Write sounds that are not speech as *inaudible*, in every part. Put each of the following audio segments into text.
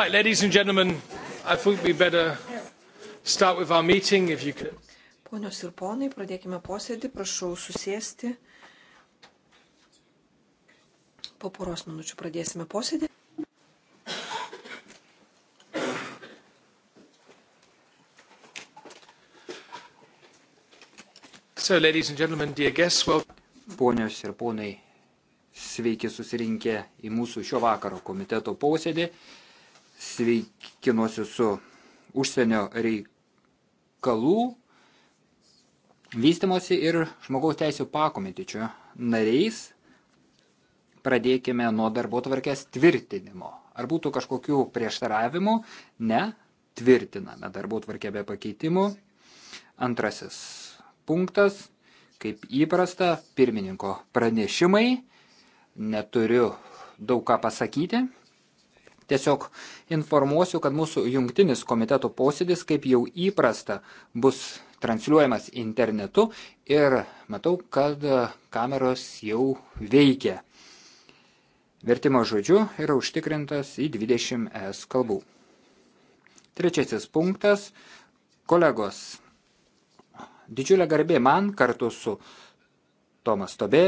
Right, ladies and gentlemen, I think we better start with our meeting, if you could. Ponios ir ponai, pradėkime posėdį, prašau susėsti. Po poros minučių pradėsime posėdį. So, ladies and gentlemen, dear guests, well... Ponios ir ponai, sveiki susirinkę į mūsų šio vakaro komiteto posėdį sveikinuosi su užsienio reikalų vystimosi ir žmogaus teisų pakomitičio nariais. Pradėkime nuo darbo tvarkės tvirtinimo. Ar būtų kažkokių prieštaravimų? Ne, tvirtiname darbo tvarkę be pakeitimų. Antrasis punktas, kaip įprasta, pirmininko pranešimai. Neturiu daug ką pasakyti, Tiesiog informuosiu, kad mūsų jungtinis komiteto posėdis, kaip jau įprasta, bus transliuojamas internetu ir matau, kad kameros jau veikia. Vertimo žodžiu yra užtikrintas į 20 S kalbų. Trečiasis punktas. Kolegos, didžiulė garbė man kartu su Tomas Tobė,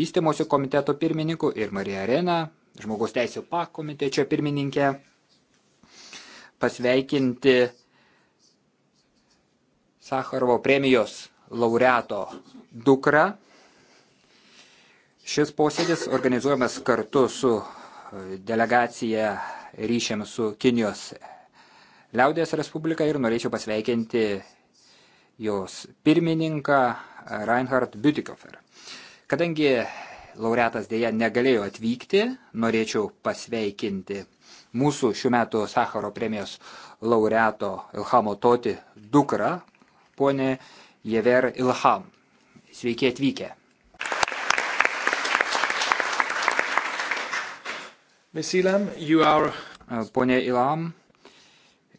vystimosi komiteto pirmininku ir Marija Arena, žmogaus teisų pakomitečio pirmininkę, pasveikinti Sakarovo premijos laureato dukrą. Šis posėdis organizuojamas kartu su e, delegacija ryšiams su Kinijos Liaudės Respublika ir norėčiau pasveikinti jos pirmininką Reinhard Bütikofer. Kadangi laureatas dėja negalėjo atvykti. Norėčiau pasveikinti mūsų šių metų Sakaro premijos laureato Ilhamo Toti dukra, ponė Jever Ilham. Sveiki atvykę. Ilam, are... Pone Ilam,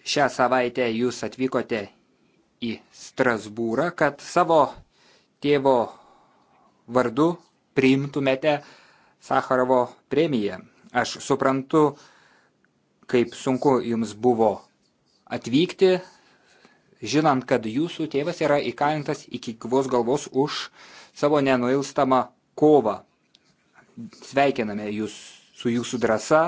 šią savaitę jūs atvykote į Strasbūrą, kad savo tėvo vardu priimtumėte Sakarovo premiją. Aš suprantu, kaip sunku jums buvo atvykti, žinant, kad jūsų tėvas yra įkalintas iki gyvos galvos už savo nenuilstamą kovą. Sveikiname jūs su jūsų drąsa,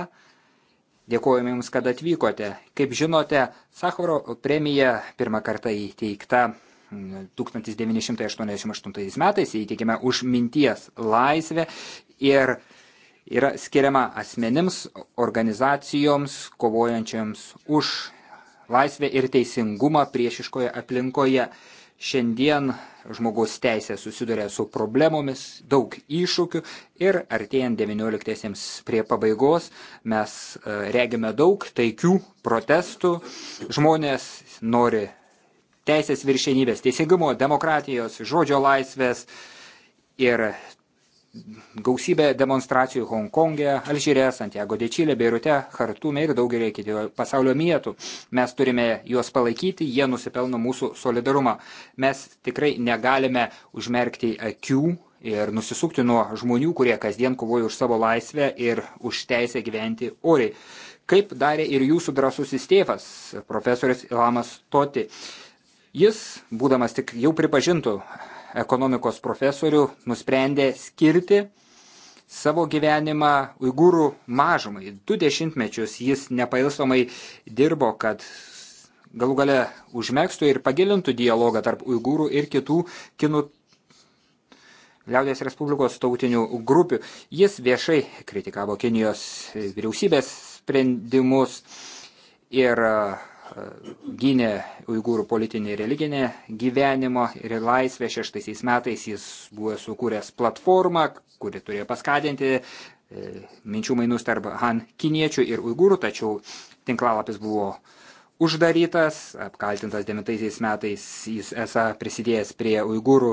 dėkojame jums, kad atvykote. Kaip žinote, Sakaro premija pirmą kartą įteikta 1988 metais įteikėme už minties laisvę ir yra skiriama asmenims, organizacijoms, kovojančiams už laisvę ir teisingumą priešiškoje aplinkoje. Šiandien žmogaus teisė susiduria su problemomis, daug iššūkių ir artėjant 19-iesiems prie pabaigos mes e, regime daug taikių protestų. Žmonės nori teisės viršenybės, teisingumo, demokratijos, žodžio laisvės ir gausybė demonstracijų Hongkonge, Alžyre, Santiago de Čilė, Beirute, Hartume ir daugelį kitų pasaulio vietų. Mes turime juos palaikyti, jie nusipelno mūsų solidarumą. Mes tikrai negalime užmerkti akių ir nusisukti nuo žmonių, kurie kasdien kovoja už savo laisvę ir už teisę gyventi oriai. Kaip darė ir jūsų drąsusis tėvas, profesorius Ilamas Toti. Jis, būdamas tik jau pripažintų ekonomikos profesorių, nusprendė skirti savo gyvenimą uigūrų mažumai. Du dešimtmečius jis nepailsomai dirbo, kad galų gale užmėgstų ir pagilintų dialogą tarp uigūrų ir kitų kinų Liaudės Respublikos tautinių grupių. Jis viešai kritikavo Kinijos vyriausybės sprendimus ir uh, gynė uigūrų politinį ir religinį gyvenimo ir laisvę. Šeštaisiais metais jis buvo sukūręs platformą, kuri turėjo paskatinti e, minčių mainus tarp Han kiniečių ir uigūrų, tačiau tinklalapis buvo uh, uždarytas, apkaltintas 9 metais jis esą prisidėjęs prie uigūrų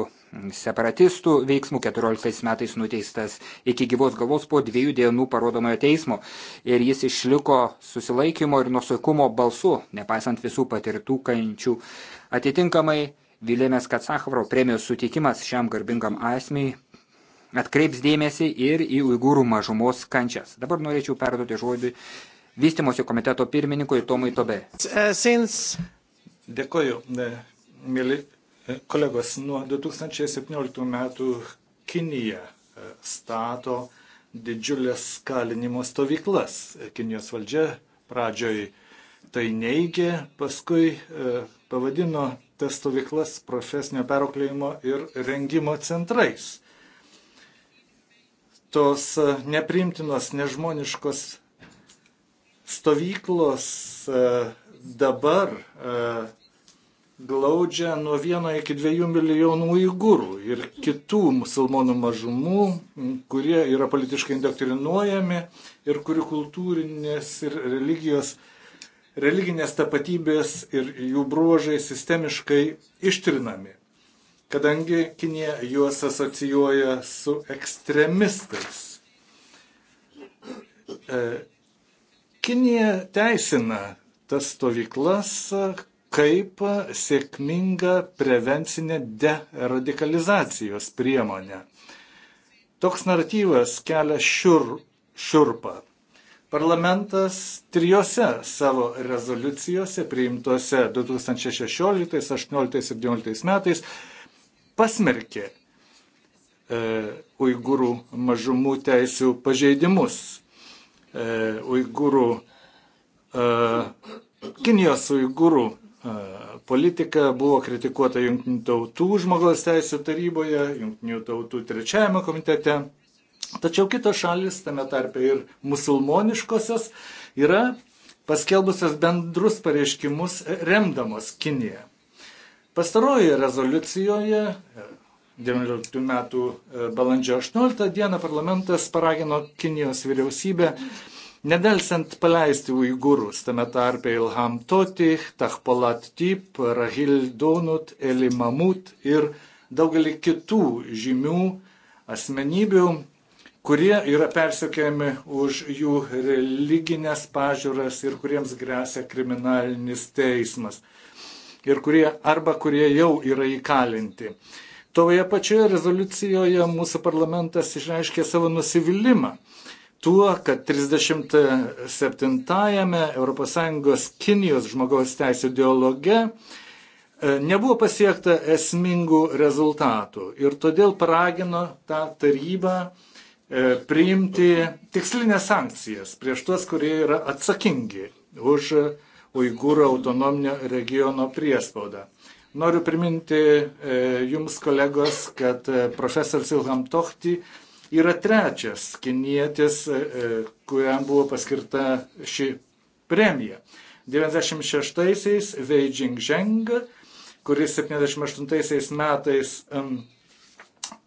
separatistų veiksmų, 14 metais nuteistas iki gyvos galvos po dviejų dienų parodomojo teismo ir jis išliko susilaikymo ir nusaikumo balsu, nepaisant visų patirtų kančių. Atitinkamai Vilėmės Katsachvaro premijos sutikimas šiam garbingam asmei atkreips dėmesį ir į uigūrų mažumos kančias. Dabar norėčiau perduoti žodį vystimosi komiteto pirmininkui Tomui Tobe. Uh, since... Dėkoju, mėly e, kolegos. Nuo 2017 metų Kinija e, stato didžiulės kalinimo stovyklas. E, Kinijos valdžia pradžioj tai neigė, paskui pavadino tas stovyklas profesinio perauklėjimo ir rengimo centrais tos nepriimtinos, nežmoniškos Stovyklos e, dabar e, glaudžia nuo 1 iki 2 milijonų uigūrų ir kitų musulmonų mažumų, kurie yra politiškai indoktrinuojami ir kurių kultūrinės ir religijos, religinės tapatybės ir jų bruožai sistemiškai ištrinami, kadangi Kinė juos asocijuoja su ekstremistais. E, Kinija teisina tas stovyklas kaip sėkmingą prevencinę deradikalizacijos priemonę. Toks naratyvas kelia šiur, šiurpą. Parlamentas trijose savo rezoliucijose priimtose 2016, 2018 ir 2019 metais pasmerkė e, uigūrų mažumų teisų pažeidimus E, uigūrų, e, Kinijos uigūrų e, politika buvo kritikuota Junktinių tautų žmogaus teisų taryboje, Junktinių tautų trečiajame komitete. Tačiau kitos šalis, tame tarpe ir musulmoniškosios, yra paskelbusios bendrus pareiškimus remdamos Kiniją. Pastarojoje rezoliucijoje 19 metų e, balandžio 18 dieną parlamentas paragino Kinijos vyriausybę nedelsiant paleisti uigūrus, tame tarpe Ilham Toti, Tahpolat Tip, Rahil Donut, Eli Mamut ir daugelį kitų žymių asmenybių, kurie yra persekiojami už jų religinės pažiūras ir kuriems grėsia kriminalinis teismas. Ir kurie arba kurie jau yra įkalinti. Toje pačioje rezoliucijoje mūsų parlamentas išreiškė savo nusivylimą tuo, kad 37-ame ES Kinijos žmogaus teisų dialoge e, nebuvo pasiekta esmingų rezultatų ir todėl paragino tą tarybą e, priimti tikslinės sankcijas prieš tuos, kurie yra atsakingi už Uigūrų autonominio regiono priespaudą. Noriu priminti e, jums, kolegos, kad e, profesorius Ilham Tohti yra trečias kinietis, e, kuriam buvo paskirta ši premija. 96-aisiais Wei Jingzheng, kuris 78-aisiais metais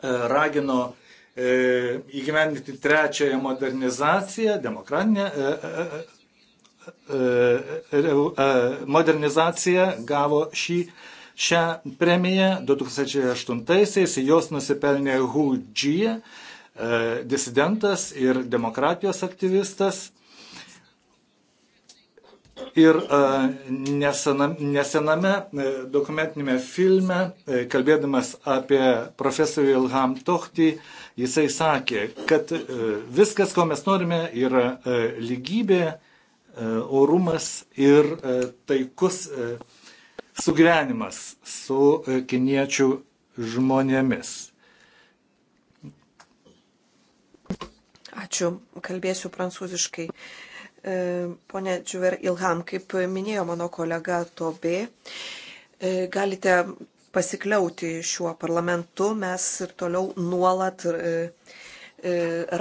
ragino įgyvendinti trečiąją modernizaciją, demokratinę modernizaciją, gavo šį šią premiją. 2008-aisiais jos nusipelnė Hu Jie, e, disidentas ir demokratijos aktyvistas. Ir e, nesename e, dokumentinėme filme, kalbėdamas apie profesorių Ilham Tohtį, jisai sakė, kad viskas, ko mes norime, yra lygybė, orumas ir taikus sugyvenimas su e, kiniečių žmonėmis. Ačiū, kalbėsiu prancūziškai. E, pone Džiuver Ilham, kaip minėjo mano kolega Tobė, e, galite pasikliauti šiuo parlamentu, mes ir toliau nuolat E,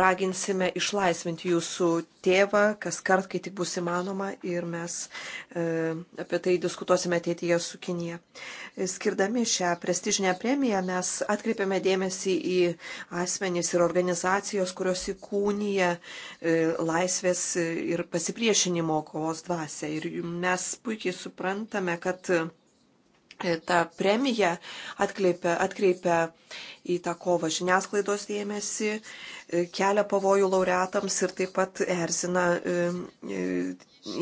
raginsime išlaisvinti jūsų tėvą, kas kart, kai tik bus įmanoma, ir mes e, apie tai diskutuosime ateityje su Kinija. E, skirdami šią prestižinę premiją mes atkreipiame dėmesį į asmenys ir organizacijos, kurios įkūnyja laisvės ir pasipriešinimo kovos dvasę. Ir mes puikiai suprantame, kad ta premija atkreipia, atkreipia į tą kovą žiniasklaidos dėmesį, e, kelia pavojų laureatams ir taip pat erzina e, e,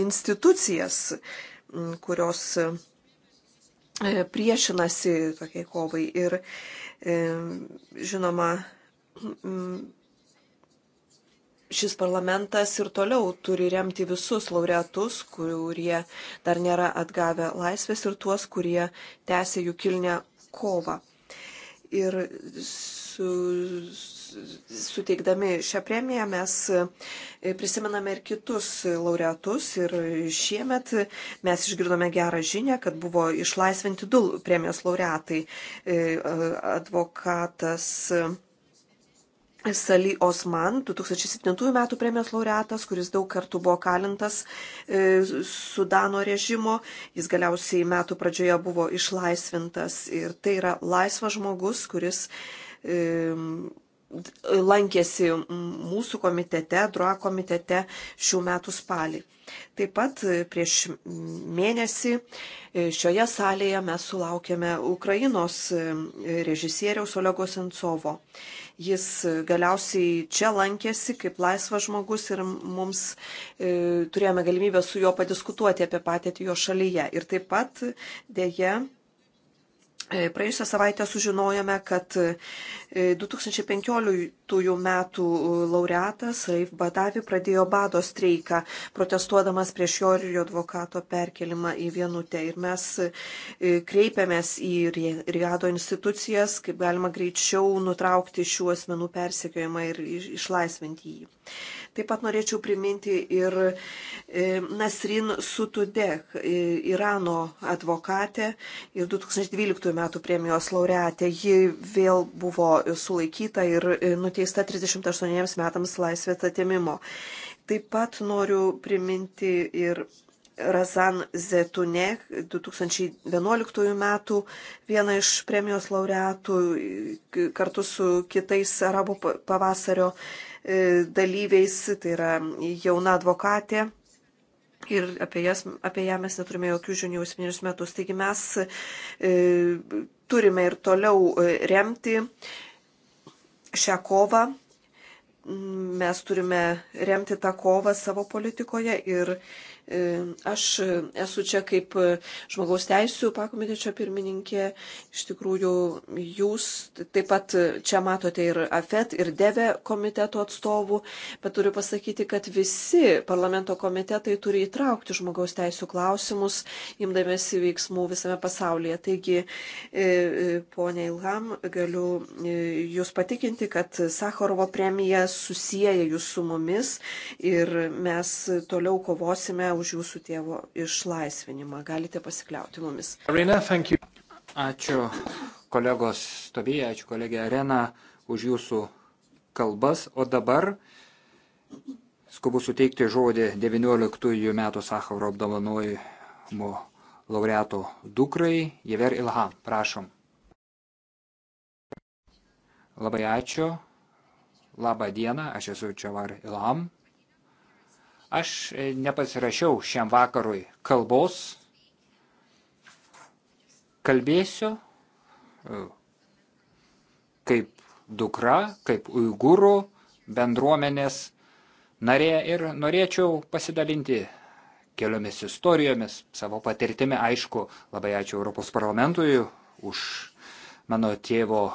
institucijas, kurios priešinasi tokiai kovai. Ir žinoma, šis parlamentas ir toliau turi remti visus laureatus, kurie dar nėra atgavę laisvės ir tuos, kurie tęsia jų kilnę kovą. Ir su, suteikdami šią premiją mes prisimename ir kitus laureatus. Ir šiemet mes išgirdome gerą žinę, kad buvo išlaisvinti du premijos laureatai - advokatas Sali Osman, 2007 metų premijos laureatas, kuris daug kartų buvo kalintas e, Sudano režimo, jis galiausiai metų pradžioje buvo išlaisvintas ir tai yra laisvas žmogus, kuris e, lankėsi mūsų komitete, DROA komitete šių metų spalį. Taip pat e, prieš mėnesį e, šioje salėje mes sulaukėme Ukrainos e, režisieriaus Olego Sencovo. Jis galiausiai čia lankėsi kaip laisvas žmogus ir mums e, turėjome galimybę su juo padiskutuoti apie patirtį jo šalyje. Ir taip pat dėje E, praėjusią savaitę sužinojome, kad 2015 e, metų e, laureatas Raif Badavi pradėjo bado streiką, protestuodamas prieš jo ir jo advokato perkelimą į vienutę. Ir mes kreipiamės į Riado institucijas, kaip galima greičiau nutraukti šių asmenų persekiojimą ir išlaisvinti jį. Taip pat norėčiau priminti ir e, Nasrin Sutudek, e, Irano advokatė ir 2012 m. premijos laureatė. Ji vėl buvo sulaikyta ir e, nuteista 38 metams laisvės atėmimo. Taip pat noriu priminti ir Razan Zetune 2011 metų vieną iš premijos laureatų kartu su kitais arabų pavasario E, dalyviais, tai yra jauna advokatė. Ir apie, jas, apie ją mes neturime jokių žinių septynius metus. Taigi mes e, turime ir toliau e, remti šią kovą. Mes turime remti tą kovą savo politikoje ir e, E, aš esu čia kaip žmogaus teisų pakomitečio pirmininkė. Iš tikrųjų, jūs taip pat čia matote ir AFET, ir DEVE komiteto atstovų, bet turiu pasakyti, kad visi parlamento komitetai turi įtraukti žmogaus teisų klausimus, imdamėsi veiksmų visame pasaulyje. Taigi, e, e, ponia Ilham, galiu jūs patikinti, kad Sakharovo premija susiję jūs su mumis ir mes toliau kovosime kovojame už jūsų tėvo išlaisvinimą. Galite pasikliauti mumis. Arena, ačiū kolegos Tobija, ačiū kolegė Arena už jūsų kalbas. O dabar skubu suteikti žodį 19 metų Sakhauro apdovanojimo laureato dukrai Jever Ilham. Prašom. Labai ačiū. Labą dieną, aš esu Čavar Ilham. Aš e, nepasirašiau šiam vakarui kalbos, kalbėsiu e, kaip dukra, kaip uigūrų bendruomenės narė ir norėčiau pasidalinti keliomis istorijomis, savo patirtimi. Aišku, labai ačiū Europos parlamentui už mano tėvo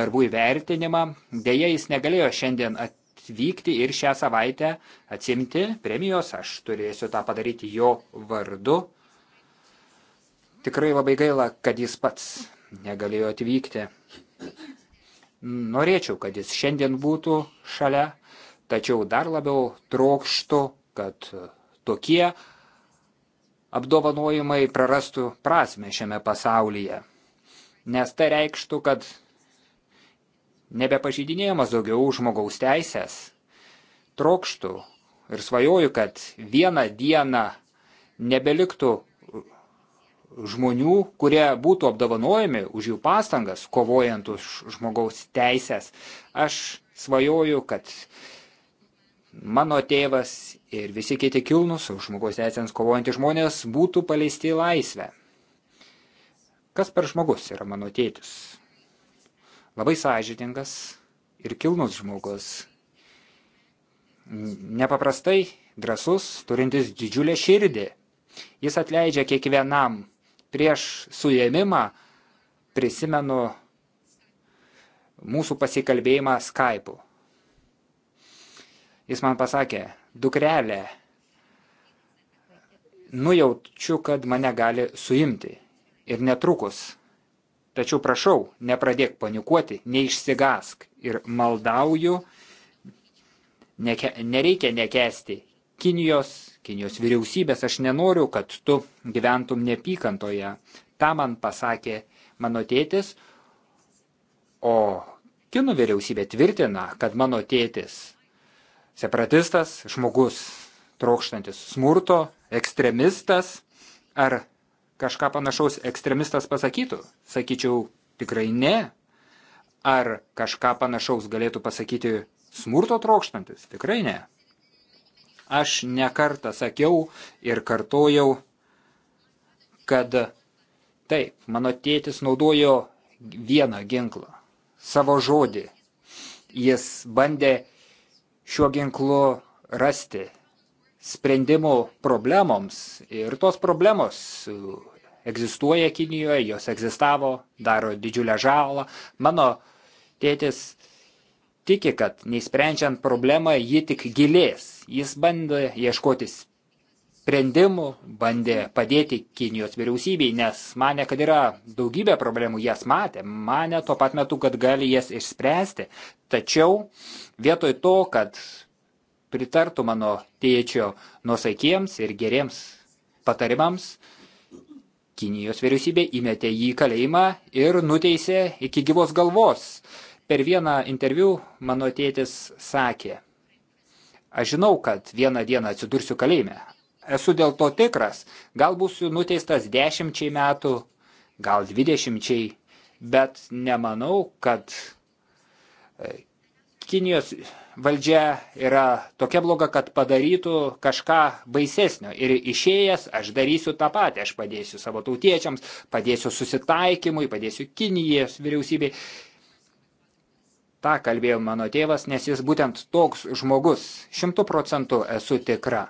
darbų įvertinimą. Deja, jis negalėjo šiandien atvykti atvykti ir šią savaitę atsimti premijos. Aš turėsiu tą padaryti jo vardu. Tikrai labai gaila, kad jis pats negalėjo atvykti. Norėčiau, kad jis šiandien būtų šalia, tačiau dar labiau trokštų, kad tokie apdovanojimai prarastų prasme šiame pasaulyje. Nes tai reikštų, kad nebepažydinėjamas daugiau žmogaus teisės. Trokštų ir svajoju, kad vieną dieną nebeliktų žmonių, kurie būtų apdovanojami už jų pastangas, kovojant už žmogaus teisės. Aš svajoju, kad mano tėvas ir visi kiti kilnus už žmogaus teisėms kovojantys žmonės būtų paleisti į laisvę. Kas per žmogus yra mano tėtis? Labai sąžiningas ir kilnus žmogus. Nepaprastai drasus, turintis didžiulę širdį. Jis atleidžia kiekvienam. Prieš suėmimą prisimenu mūsų pasikalbėjimą Skype'u. Jis man pasakė, dukrelė, nujaučiu, kad mane gali suimti. Ir netrukus Tačiau prašau, nepradėk panikuoti, neišsigask ir maldauju, neke, nereikia nekesti Kinijos, Kinijos vyriausybės, aš nenoriu, kad tu gyventum nepykantoje. Ta man pasakė mano tėtis, o kinų vyriausybė tvirtina, kad mano tėtis separatistas, žmogus trokštantis smurto, ekstremistas ar kažką panašaus ekstremistas pasakytų? Sakyčiau, tikrai ne. Ar kažką panašaus galėtų pasakyti smurto trokštantis? Tikrai ne. Aš nekartą sakiau ir kartojau, kad taip, mano tėtis naudojo vieną ginklą, savo žodį. Jis bandė šiuo ginklu rasti sprendimų problemoms. Ir tos problemos egzistuoja Kinijoje, jos egzistavo, daro didžiulę žalą. Mano tėtis tiki, kad neįsprendžiant problemą ji tik gilės. Jis bandė ieškoti sprendimų, bandė padėti Kinijos vyriausybei, nes mane, kad yra daugybė problemų, jas matė, mane tuo pat metu, kad gali jas išspręsti. Tačiau vietoj to, kad pritartų mano tėčio nusaikiems ir geriems patarimams. Kinijos vyriausybė įmetė jį į kalėjimą ir nuteisė iki gyvos galvos. Per vieną interviu mano tėtis sakė, aš žinau, kad vieną dieną atsidursiu kalėjime. Esu dėl to tikras, gal būsiu nuteistas dešimčiai metų, gal dvidešimčiai, bet nemanau, kad e, Kinijos valdžia yra tokia bloga, kad padarytų kažką baisesnio. Ir išėjęs aš darysiu tą patį, aš padėsiu savo tautiečiams, padėsiu susitaikymui, padėsiu Kinijos vyriausybei. Ta kalbėjo mano tėvas, nes jis būtent toks žmogus, šimtų procentų esu tikra,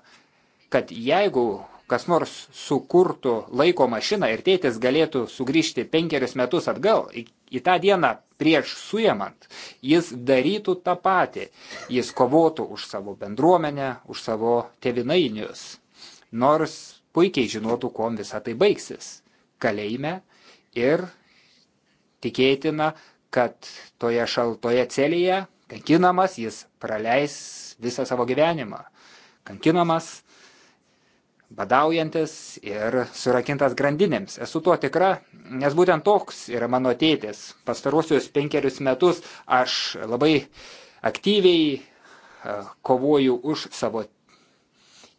kad jeigu kas nors sukurtų laiko mašiną ir tėtis galėtų sugrįžti penkerius metus atgal, į, į tą dieną prieš suėmant, jis darytų tą patį. Jis kovotų už savo bendruomenę, už savo tevinainius. Nors puikiai žinotų, kom visą tai baigsis. Kalėjime ir tikėtina, kad toje šaltoje celėje kankinamas jis praleis visą savo gyvenimą. Kankinamas badaujantis ir surakintas grandinėms. Esu tuo tikra, nes būtent toks yra mano tėtis. Pastaruosius penkerius metus aš labai aktyviai e, kovoju už savo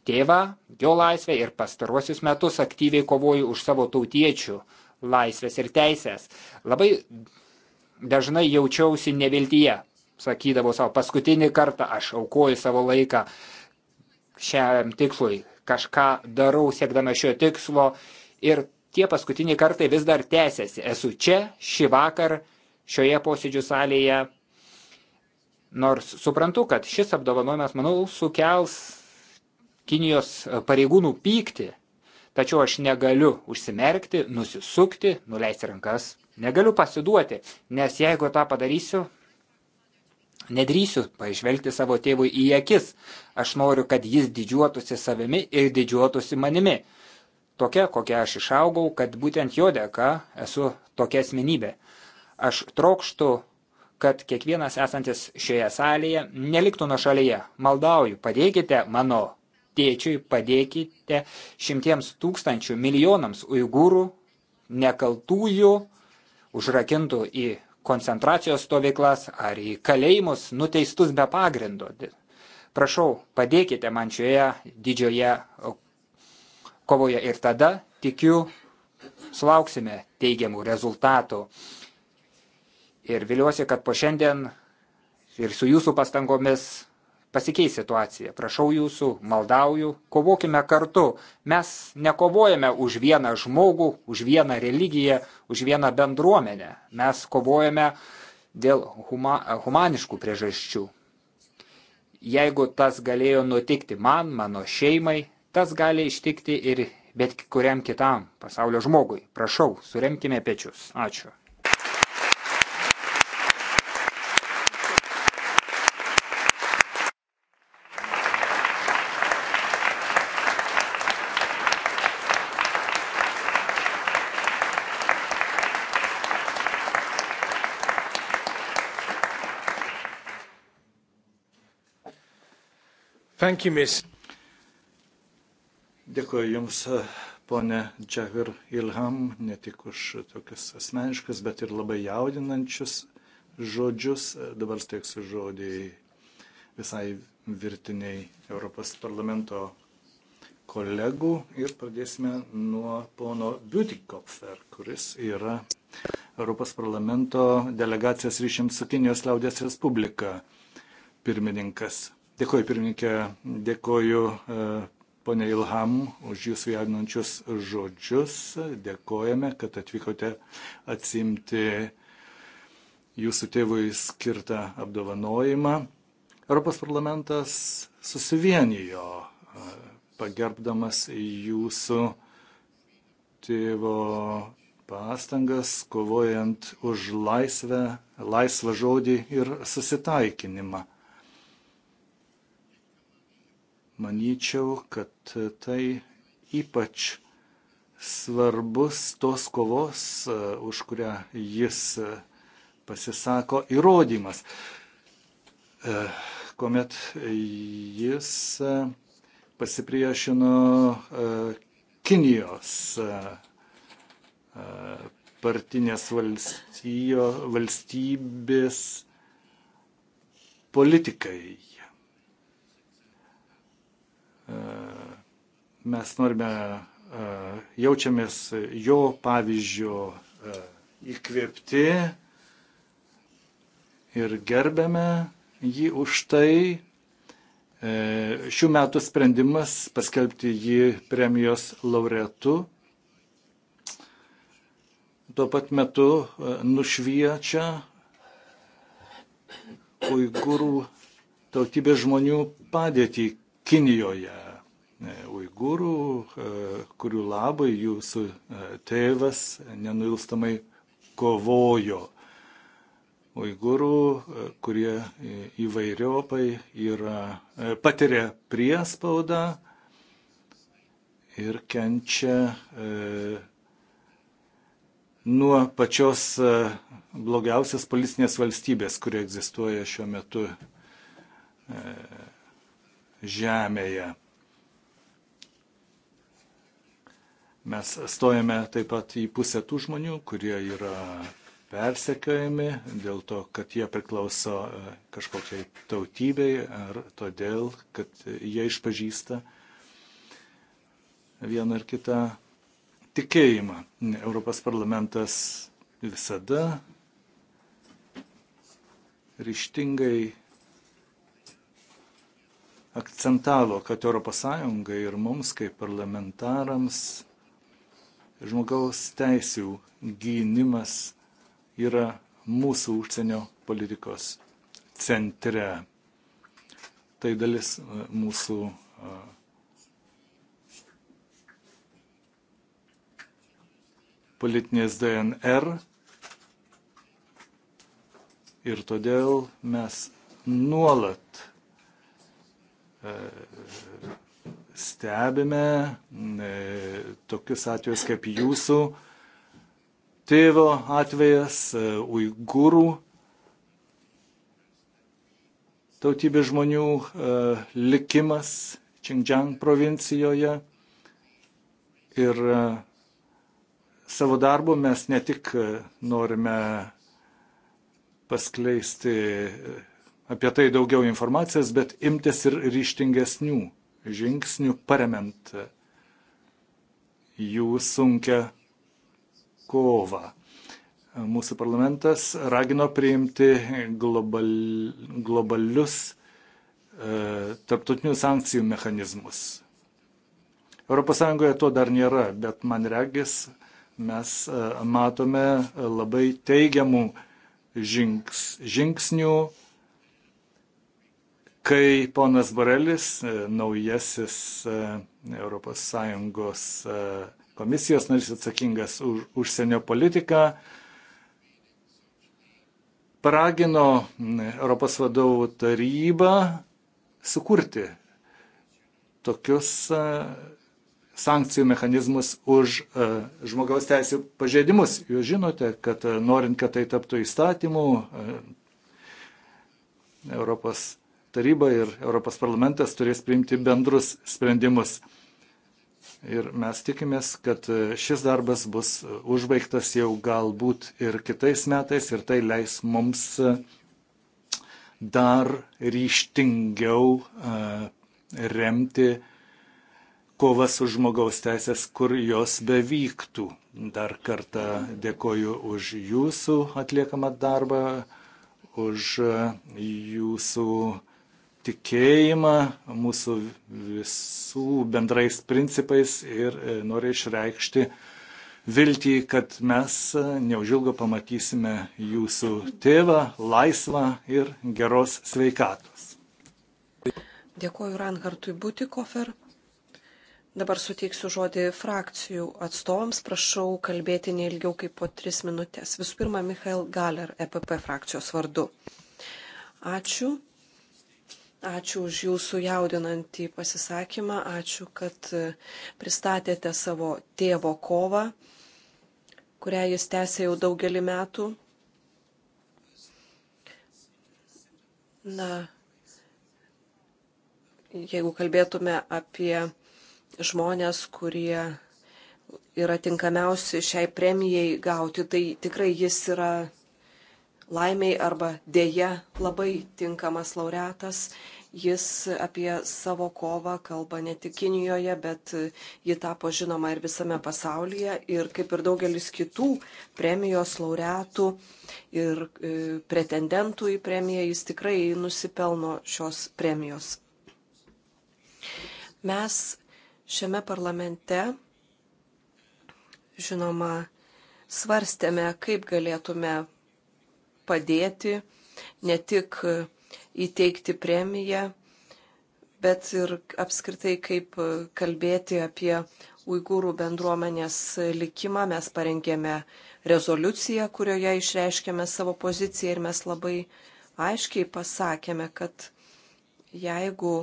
tėvą, jo laisvę ir pastaruosius metus aktyviai kovoju už savo tautiečių laisvės ir teisės. Labai dažnai jaučiausi neviltyje. Sakydavau savo paskutinį kartą, aš aukoju savo laiką šiam tikslui, kažką darau siekdama šio tikslo ir tie paskutiniai kartai vis dar tęsiasi. Esu čia šį vakar šioje posėdžių salėje, nors suprantu, kad šis apdovanojimas, manau, sukels Kinijos pareigūnų pykti, tačiau aš negaliu užsimerkti, nusisukti, nuleisti rankas, negaliu pasiduoti, nes jeigu tą padarysiu, Nedrįsiu pažvelgti savo tėvui į akis. Aš noriu, kad jis didžiuotųsi savimi ir didžiuotųsi manimi. Tokia, kokia aš išaugau, kad būtent jo dėka esu tokia asmenybė. Aš trokštu, kad kiekvienas esantis šioje salėje neliktų nuo šalyje. Maldauju, padėkite mano tėčiui, padėkite šimtiems tūkstančių milijonams uigūrų, nekaltųjų, užrakintų į koncentracijos stovyklas ar į kalėjimus nuteistus be pagrindo. Prašau, padėkite man šioje didžioje kovoje ir tada, tikiu, sulauksime teigiamų rezultatų. Ir viliuosi, kad po šiandien ir su jūsų pastangomis pasikeis situacija. Prašau jūsų, maldauju, kovokime kartu. Mes nekovojame už vieną žmogų, už vieną religiją, už vieną bendruomenę. Mes kovojame dėl huma, humaniškų priežasčių. Jeigu tas galėjo nutikti man, mano šeimai, tas gali ištikti ir bet kuriam kitam pasaulio žmogui. Prašau, suremkime pečius. Ačiū. Thank you, miss. Dėkuoju Jums, e, ponė Džahir Ilham, ne tik už tokius asmeniškus, bet ir labai jaudinančius žodžius. E, dabar steiksiu žodį visai virtiniai Europos parlamento kolegų ir pradėsime nuo pono Butikopfer, kuris yra Europos parlamento delegacijos ryšiams su Kinijos liaudės Respublika pirmininkas. Dėkoju pirmininkė, dėkoju e, ponė Ilham už jūsų jaudinančius žodžius. Dėkojame, kad atvykote atsimti jūsų tėvui skirtą apdovanojimą. Europos parlamentas susivienijo e, pagerbdamas jūsų tėvo pastangas, kovojant už laisvę, laisvą žodį ir susitaikinimą. Manyčiau, kad tai ypač svarbus tos kovos, e, už kurią jis e, pasisako įrodymas, e, kuomet jis pasipriešino Kinijos partinės valstijo, valstybės politikai. E, mes norime, e, jaučiamės jo pavyzdžių e, įkvėpti ir gerbėme jį už tai. Šių metų sprendimas paskelbti jį premijos laureatu tuo pat metu nušviečia uigūrų tautybės žmonių padėtį Kinijoje e, uigūrų, e, kurių labai jūsų e, tėvas nenuilstamai kovojo. Uigūrų, kurie įvairiopai yra, patiria priespaudą ir kenčia nuo pačios blogiausios policinės valstybės, kuri egzistuoja šiuo metu žemėje. Mes stojame taip pat į pusę tų žmonių, kurie yra persekiojami dėl to, kad jie priklauso e, kažkokiai tautybei ar todėl, kad jie išpažįsta vieną ar kitą tikėjimą. Europos parlamentas visada ryštingai akcentavo, kad ES ir mums kaip parlamentarams žmogaus teisų gynimas yra mūsų užsienio politikos centre. Tai dalis e, mūsų e, politinės DNR ir todėl mes nuolat stebime e, tokius atvejus kaip jūsų tėvo atvejas, e, uigūrų tautybės žmonių e, likimas Čingdžiang provincijoje. Ir savo darbu mes ne tik norime paskleisti apie tai daugiau informacijos, bet imtis ir ryštingesnių žingsnių paremant jų sunkia kovą. Mūsų parlamentas ragino priimti global, globalius e, tarptautinių sankcijų mechanizmus. ES to dar nėra, bet man regis, mes e, matome labai teigiamų žings, žingsnių kai ponas Borelis, e, naujasis ES e, komisijos narys atsakingas už užsienio politiką, paragino Europos vadovų tarybą sukurti tokius e, sankcijų mechanizmus už žmogaus teisų pažeidimus. Jūs žinote, kad norint, kad tai taptų įstatymu, Europos taryba ir Europos parlamentas turės priimti bendrus sprendimus. Ir mes tikimės, kad šis darbas bus užbaigtas jau galbūt ir kitais metais ir tai leis mums dar ryštingiau e, remti kovas už žmogaus teisės, kur jos bevyktų. Dar kartą dėkoju už jūsų atliekamą darbą, už e, jūsų tikėjimą mūsų visų bendrais principais ir e, noriu išreikšti viltį, kad mes e, neužilgo pamatysime jūsų tėvą laisvą ir geros sveikatos. Dėkuoju Rankartui Butikofer. Dabar suteiksiu žodį frakcijų atstovams. Prašau kalbėti neilgiau kaip po tris minutės. Visų pirma, Michael Galer, EPP frakcijos vardu. Ačiū. Ačiū už jūsų jaudinantį pasisakymą, ačiū, kad e, pristatėte savo tėvo kovą, kurią jis tęsė jau daugelį metų. Na, jeigu kalbėtume apie žmonės, kurie yra tinkamiausi šiai premijai gauti, tai tikrai jis yra laimiai arba dėja labai tinkamas laureatas. Jis apie savo kovą kalba ne tik Kinijoje, bet ji tapo žinoma ir visame pasaulyje. Ir kaip ir daugelis kitų premijos laureatų ir e, pretendentų į premiją, jis tikrai nusipelno šios premijos. Mes šiame parlamente, žinoma, svarstėme, kaip galėtume padėti, ne tik įteikti premiją, bet ir apskritai kaip kalbėti apie uigūrų bendruomenės likimą. Mes parengėme rezoliuciją, kurioje išreiškėme savo poziciją ir mes labai aiškiai pasakėme, kad jeigu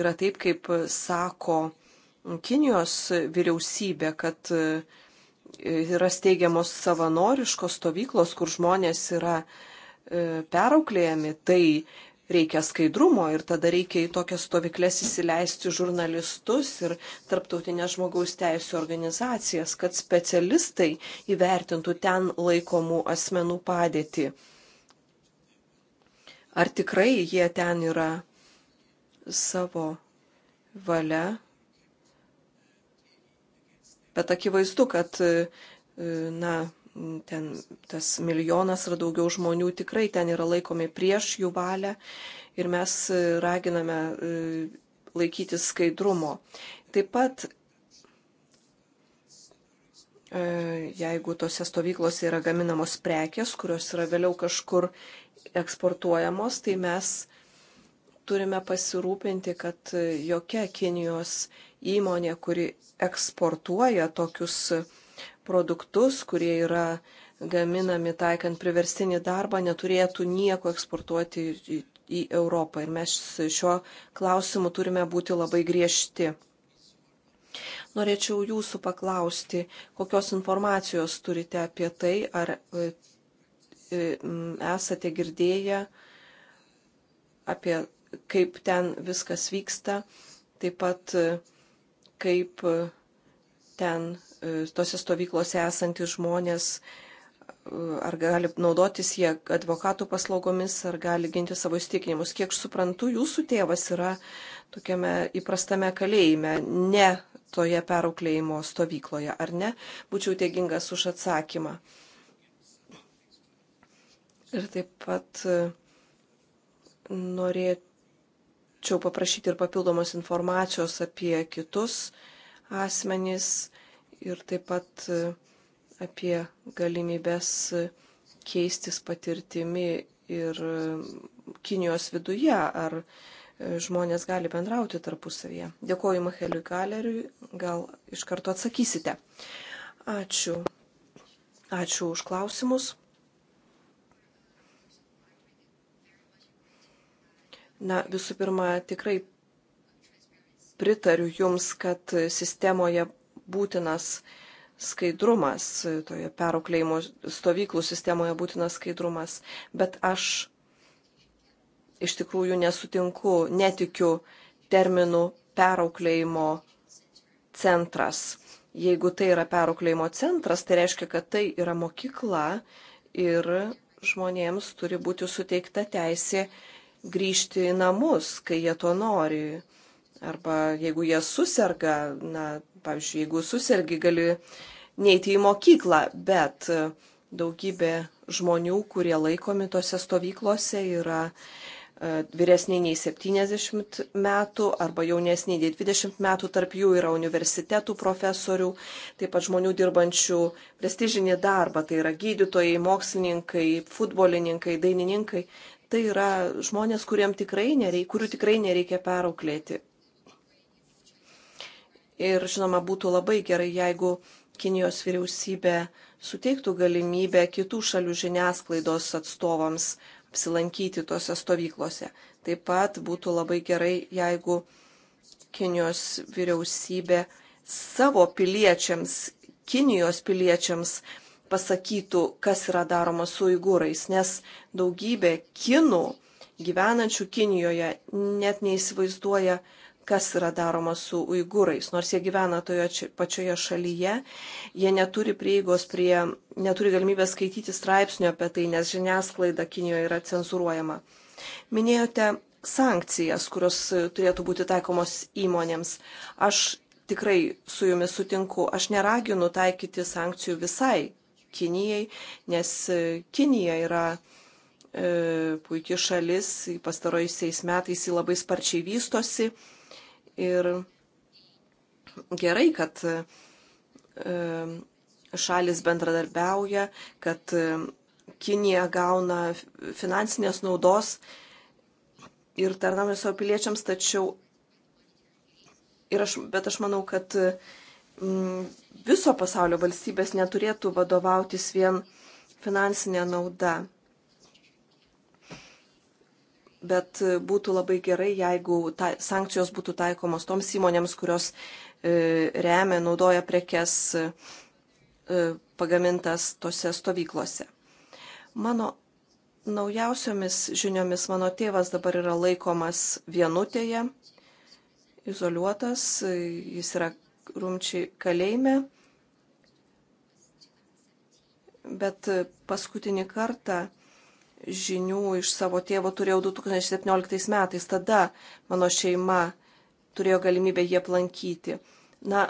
yra taip, kaip sako Kinijos vyriausybė, kad uh, yra steigiamos savanoriškos stovyklos, kur žmonės yra e, perauklėjami, tai reikia skaidrumo ir tada reikia į tokias stovyklės įsileisti žurnalistus ir tarptautinės žmogaus teisų organizacijas, kad specialistai įvertintų ten laikomų asmenų padėtį. Ar tikrai jie ten yra savo valia Bet akivaizdu, kad e, e, na, ten tas milijonas ar daugiau žmonių tikrai ten yra laikomi prieš jų valią ir mes e, raginame laikytis skaidrumo. Taip pat jeigu tose stovyklose yra gaminamos prekes, kurios yra vėliau kažkur eksportuojamos, tai mes turime pasirūpinti, kad jokia Kinijos įmonė, kuri eksportuoja tokius produktus, kurie yra gaminami taikant priverstinį darbą, neturėtų nieko eksportuoti į Europą. Ir mes šiuo klausimu turime būti labai griežti. Norėčiau jūsų paklausti, kokios informacijos turite apie tai, ar e, e, esate girdėję apie kaip ten viskas vyksta, taip pat e, kaip e, ten e, tose stovyklose esantys žmonės, ar gali naudotis jie advokatų paslaugomis, ar gali ginti savo įstikinimus. Kiek suprantu, jūsų tėvas yra tokiame įprastame kalėjime, ne toje perauklėjimo stovykloje, ar ne? Būčiau teigingas už atsakymą. Ir taip pat norėtų norėčiau paprašyti ir papildomos informacijos apie kitus asmenys ir taip pat e, apie galimybės keistis patirtimi ir e, Kinijos viduje, ar e, žmonės gali bendrauti tarpusavyje. Dėkoju Maheliui Galeriui, gal iš karto atsakysite. Ačiū. Ačiū už klausimus. Na, visų pirma, tikrai pritariu Jums, kad sistemoje būtinas skaidrumas, toje perauklėjimo stovyklų sistemoje būtinas skaidrumas, bet aš iš tikrųjų nesutinku, netikiu terminų perauklėjimo centras. Jeigu tai yra perauklėjimo centras, tai reiškia, kad tai yra mokykla ir žmonėms turi būti suteikta teisė grįžti į namus, kai jie to nori. Arba jeigu jie susirga, na, pavyzdžiui, jeigu susirgi, gali neiti į mokyklą, bet e, daugybė žmonių, kurie laikomi tose stovyklose, yra e, vyresniai nei 70 metų arba jaunesniai nei 20 metų, tarp jų yra universitetų profesorių, taip pat žmonių dirbančių prestižinį darbą, tai yra gydytojai, mokslininkai, futbolininkai, dainininkai tai yra žmonės, tikrai nereik, kurių tikrai nereikia perauklėti. Ir žinoma, būtų labai gerai, jeigu Kinijos vyriausybė suteiktų galimybę kitų šalių žiniasklaidos atstovams apsilankyti tose stovyklose. Taip pat būtų labai gerai, jeigu Kinijos vyriausybė savo piliečiams, Kinijos piliečiams pasakytų, kas yra daroma su uigūrais, nes daugybė kinų gyvenančių Kinijoje net neįsivaizduoja, kas yra daroma su uigūrais. Nors jie gyvena toje pačioje šalyje, jie neturi prieigos prie, neturi galimybės skaityti straipsnių apie tai, nes žiniasklaida Kinijoje yra cenzuruojama. Minėjote sankcijas, kurios turėtų būti taikomos įmonėms. Aš tikrai su jumis sutinku, aš neraginu taikyti sankcijų visai Kinijai, nes e, Kinija yra e, puikia šalis, pastarojusiais metais ji labai sparčiai vystosi ir gerai, kad e, šalis bendradarbiauja, kad e, Kinija gauna finansinės naudos ir tarnauja savo piliečiams, tačiau ir aš, bet aš manau, kad e, Mm, viso pasaulio valstybės neturėtų vadovautis vien finansinė nauda. Bet būtų labai gerai, jeigu ta, sankcijos būtų taikomos toms įmonėms, kurios e, remia, naudoja prekes e, pagamintas tose stovyklose. Mano naujausiomis žiniomis mano tėvas dabar yra laikomas vienutėje, izoliuotas, jis yra Rumčiai kalėjime. Bet paskutinį kartą žinių iš savo tėvo turėjau 2017 metais. Tada mano šeima turėjo galimybę jį aplankyti. Na,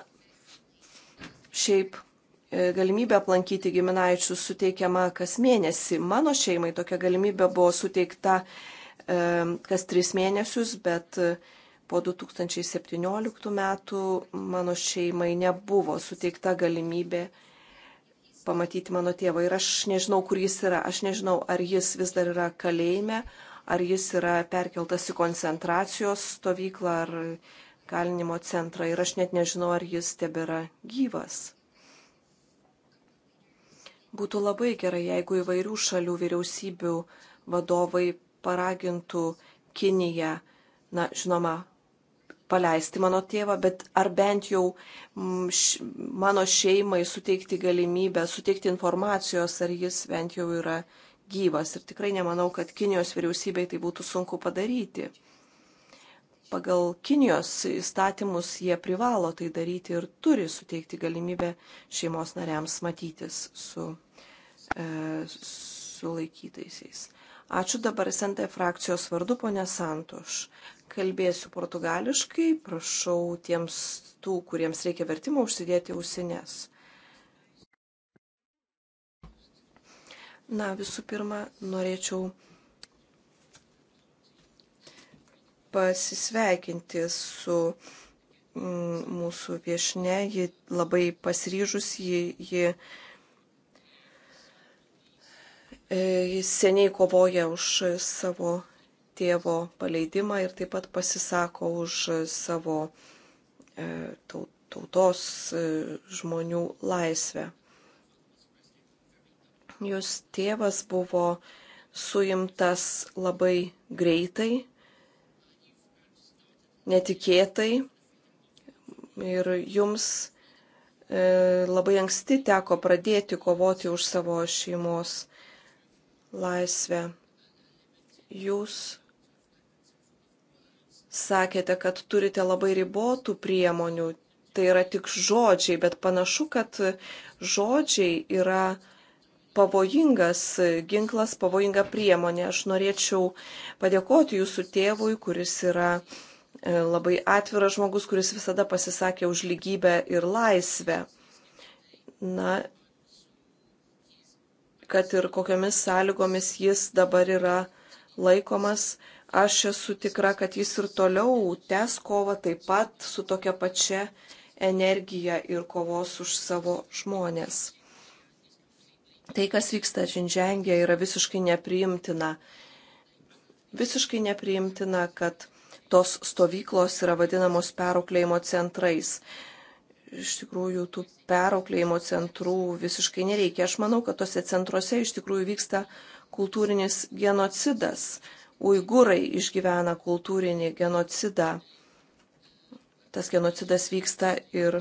šiaip e, galimybė aplankyti giminaičius suteikiama kas mėnesį. Mano šeimai tokia galimybė buvo suteikta e, kas tris mėnesius, bet Po 2017 metų mano šeimai nebuvo suteikta galimybė pamatyti mano tėvą ir aš nežinau, kur jis yra. Aš nežinau, ar jis vis dar yra kalėjime, ar jis yra perkeltas į koncentracijos stovyklą ar kalinimo centrą ir aš net nežinau, ar jis tebėra gyvas. Būtų labai gerai, jeigu įvairių šalių vyriausybių vadovai paragintų Kiniją, na, žinoma, paleisti mano tėvą, bet ar bent jau mm, mano šeimai suteikti galimybę, suteikti informacijos, ar jis bent jau yra gyvas. Ir tikrai nemanau, kad Kinijos vyriausybei tai būtų sunku padaryti. Pagal Kinijos įstatymus jie privalo tai daryti ir turi suteikti galimybę šeimos nariams matytis su e, sulaikytaisiais. Ačiū dabar SNT frakcijos vardu, ponė Santuš. Kalbėsiu portugališkai, prašau tiems tų, kuriems reikia vertimo, užsidėti ausinės. Na, visų pirma, norėčiau pasisveikinti su mm, mūsų viešne, ji labai pasiryžus, ji, ji E, jis seniai kovoja už savo tėvo paleidimą ir taip pat pasisako už savo e, tautos e, žmonių laisvę. Jos tėvas buvo suimtas labai greitai, netikėtai ir jums labai anksti teko pradėti kovoti už savo šeimos laisvę. Jūs sakėte, kad turite labai ribotų priemonių, tai yra tik žodžiai, bet panašu, kad žodžiai yra pavojingas ginklas, pavojinga priemonė. Aš norėčiau padėkoti jūsų tėvui, kuris yra e, labai atviras žmogus, kuris visada pasisakė už lygybę ir laisvę. Na, kad ir kokiomis sąlygomis jis dabar yra laikomas, aš esu tikra, kad jis ir toliau tęs kovą taip pat su tokia pačia energija ir kovos už savo žmonės. Tai, kas vyksta Činžengė, yra visiškai nepriimtina. Visiškai nepriimtina, kad tos stovyklos yra vadinamos perauklėjimo centrais iš tikrųjų tų perauklėjimo centrų visiškai nereikia. Aš manau, kad tose centruose iš tikrųjų vyksta kultūrinis genocidas. Uigūrai išgyvena kultūrinį genocidą. Tas genocidas vyksta ir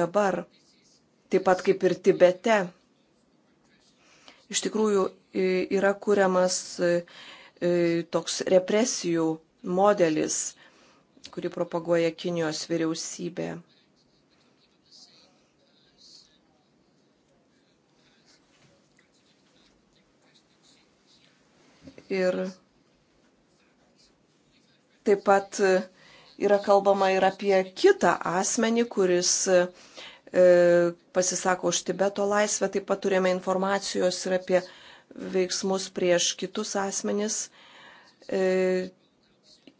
dabar, taip pat kaip ir Tibete. Iš tikrųjų yra kuriamas toks represijų modelis, kurį propaguoja Kinijos vyriausybė. Ir taip pat yra kalbama ir apie kitą asmenį, kuris e, pasisako už Tibeto laisvę. Taip pat turėjome informacijos ir apie veiksmus prieš kitus asmenis. E,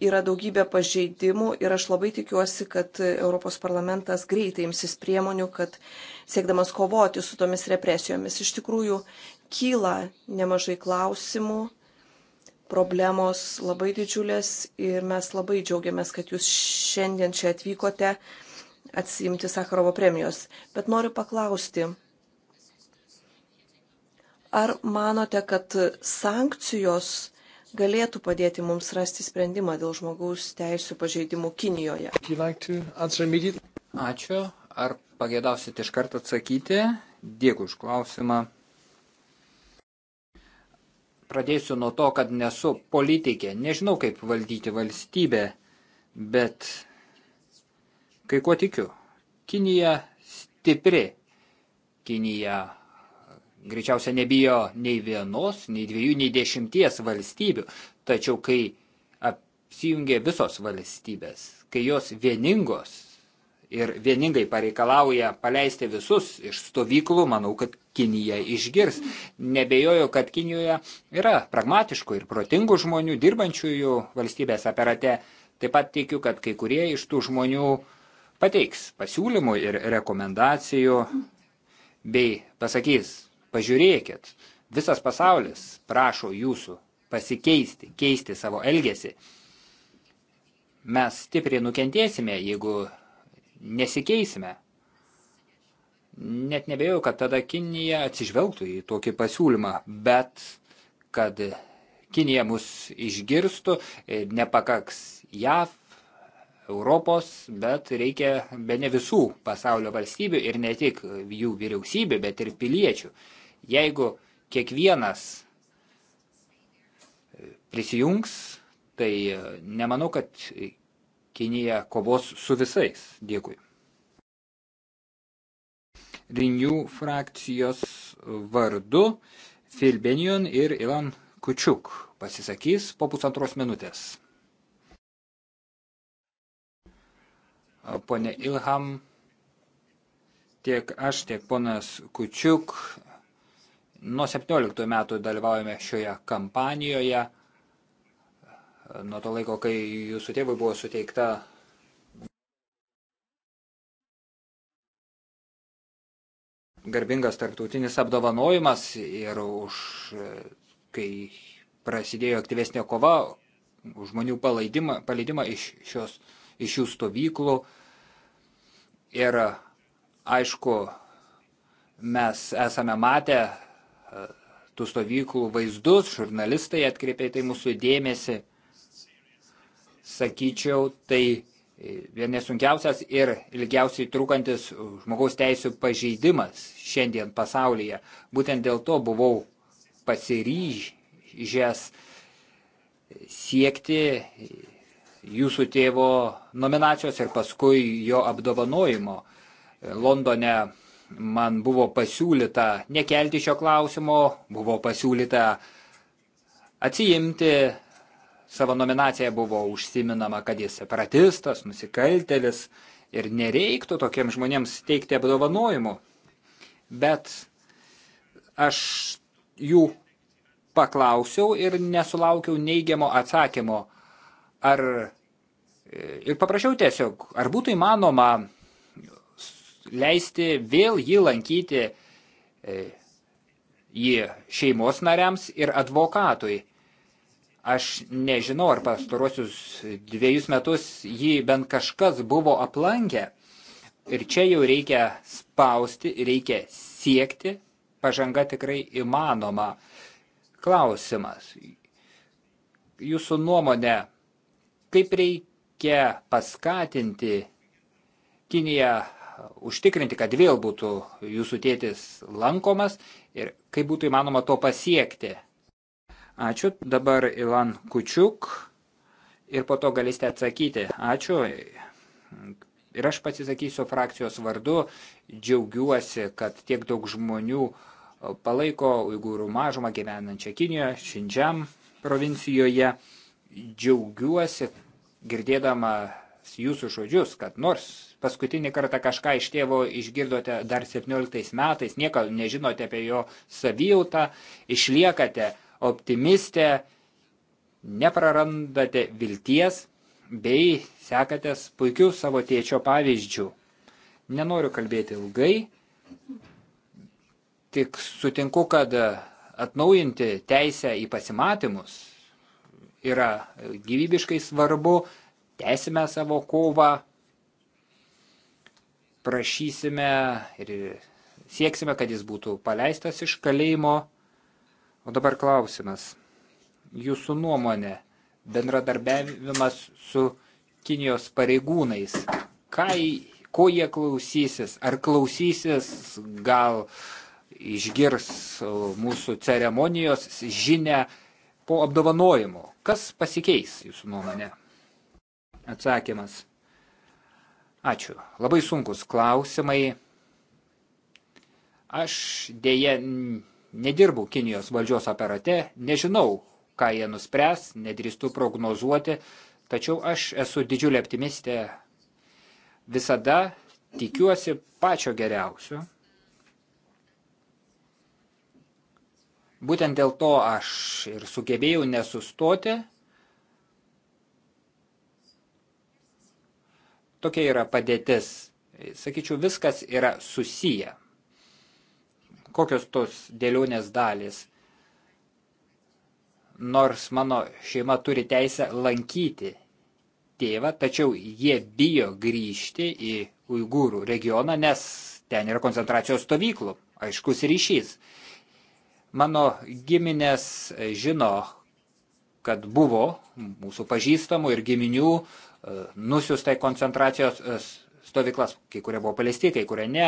yra daugybė pažeidimų ir aš labai tikiuosi, kad Europos parlamentas greitai imsis priemonių, kad siekdamas kovoti su tomis represijomis. Iš tikrųjų, kyla nemažai klausimų problemos labai didžiulės ir mes labai džiaugiamės, kad jūs šiandien čia atvykote atsiimti Sakarovo premijos. Bet noriu paklausti, ar manote, kad sankcijos galėtų padėti mums rasti sprendimą dėl žmogaus teisų pažeidimų Kinijoje? Ačiū. Ar pagėdausit iš karto atsakyti? Dėkui už klausimą. Pradėsiu nuo to, kad nesu politikė. Nežinau, kaip valdyti valstybę, bet kai kuo tikiu. Kinija stipri. Kinija greičiausia nebijo nei vienos, nei dviejų, nei dešimties valstybių. Tačiau kai apsijungia visos valstybės, kai jos vieningos, ir vieningai pareikalauja paleisti visus iš stovyklų, manau, kad Kinija išgirs. Nebejoju, kad Kinijoje yra pragmatiškų ir protingų žmonių, dirbančiųjų valstybės aparate. Taip pat tikiu, kad kai kurie iš tų žmonių pateiks pasiūlymų ir rekomendacijų bei pasakys, pažiūrėkit, visas pasaulis prašo jūsų pasikeisti, keisti savo elgesį. Mes stipriai nukentėsime, jeigu nesikeisime. Net nebėjau, kad tada Kinija atsižvelgtų į tokį pasiūlymą, bet kad Kinija mus išgirstų, e, nepakaks JAV, Europos, bet reikia be ne visų pasaulio valstybių ir ne tik jų vyriausybių, bet ir piliečių. Jeigu kiekvienas e, prisijungs, tai e, nemanau, kad Kinija kovos su visais. Dėkui. Rinių frakcijos vardu Filbenion ir Ilan Kučiuk pasisakys po pusantros minutės. Pone Ilham, tiek aš, tiek ponas Kučiuk nuo 17 metų dalyvaujame šioje kampanijoje – nuo to laiko, kai jūsų tėvui buvo suteikta garbingas tarptautinis apdovanojimas ir už, e, kai prasidėjo aktyvesnė kova, žmonių palaidimą, paleidimą iš, šios, iš jų stovyklų. Ir e, aišku, mes esame matę e, tų stovyklų vaizdus, žurnalistai atkreipė tai mūsų dėmesį sakyčiau, tai e, vienas sunkiausias ir ilgiausiai trukantis žmogaus teisų pažeidimas šiandien pasaulyje. Būtent dėl to buvau pasiryžęs siekti jūsų tėvo nominacijos ir paskui jo apdovanojimo. Londone man buvo pasiūlyta nekelti šio klausimo, buvo pasiūlyta atsijimti savo nominaciją buvo užsiminama, kad jis separatistas, nusikaltelis ir nereiktų tokiems žmonėms teikti apdovanojimų. Bet aš jų paklausiau ir nesulaukiau neigiamo atsakymo. Ar e, ir paprašiau tiesiog, ar būtų įmanoma leisti vėl jį lankyti e, jį šeimos nariams ir advokatui. Aš nežinau, ar pastarosius dviejus metus jį bent kažkas buvo aplankę. Ir čia jau reikia spausti, reikia siekti, pažanga tikrai įmanoma. Klausimas. Jūsų nuomonė, kaip reikia paskatinti Kiniją užtikrinti, kad vėl būtų jūsų tėtis lankomas ir kaip būtų įmanoma to pasiekti. Ačiū. Dabar Ilan Kučiuk ir po to galėsite atsakyti. Ačiū. Ir aš pasisakysiu frakcijos vardu. Džiaugiuosi, kad tiek daug žmonių palaiko uigūrų mažumą gyvenančią Kinijoje, Šindžiam provincijoje. Džiaugiuosi girdėdama jūsų žodžius, kad nors paskutinį kartą kažką iš tėvo išgirdote dar 17 metais, nieko nežinote apie jo savijautą, išliekate optimistė, neprarandate vilties bei sekatės puikių savo tėčio pavyzdžių. Nenoriu kalbėti ilgai, tik sutinku, kad atnaujinti teisę į pasimatymus yra gyvybiškai svarbu, tęsime savo kovą, prašysime ir sieksime, kad jis būtų paleistas iš kalėjimo. O dabar klausimas. Jūsų nuomonė, bendradarbiavimas su Kinijos pareigūnais, ką, ko jie klausysis, ar klausysis, gal išgirs mūsų ceremonijos žinę po apdovanojimo. Kas pasikeis jūsų nuomonė? Atsakymas. Ačiū. Labai sunkus klausimai. Aš dėje Nedirbu Kinijos valdžios aparate, nežinau, ką jie nuspręs, nedrįstu prognozuoti, tačiau aš esu didžiulė optimistė. Visada tikiuosi pačio geriausio. Būtent dėl to aš ir sugebėjau nesustoti. Tokia yra padėtis. Sakyčiau, viskas yra susiję kokios tos dėlionės dalys. Nors mano šeima turi teisę lankyti tėvą, tačiau jie bijo grįžti į Uigūrų regioną, nes ten yra koncentracijos stovyklų. Aiškus ryšys. Mano giminės žino, kad buvo mūsų pažįstamų ir giminių e, nusiustai koncentracijos e, stovyklas, kai kurie buvo paliesti, kai kurie ne.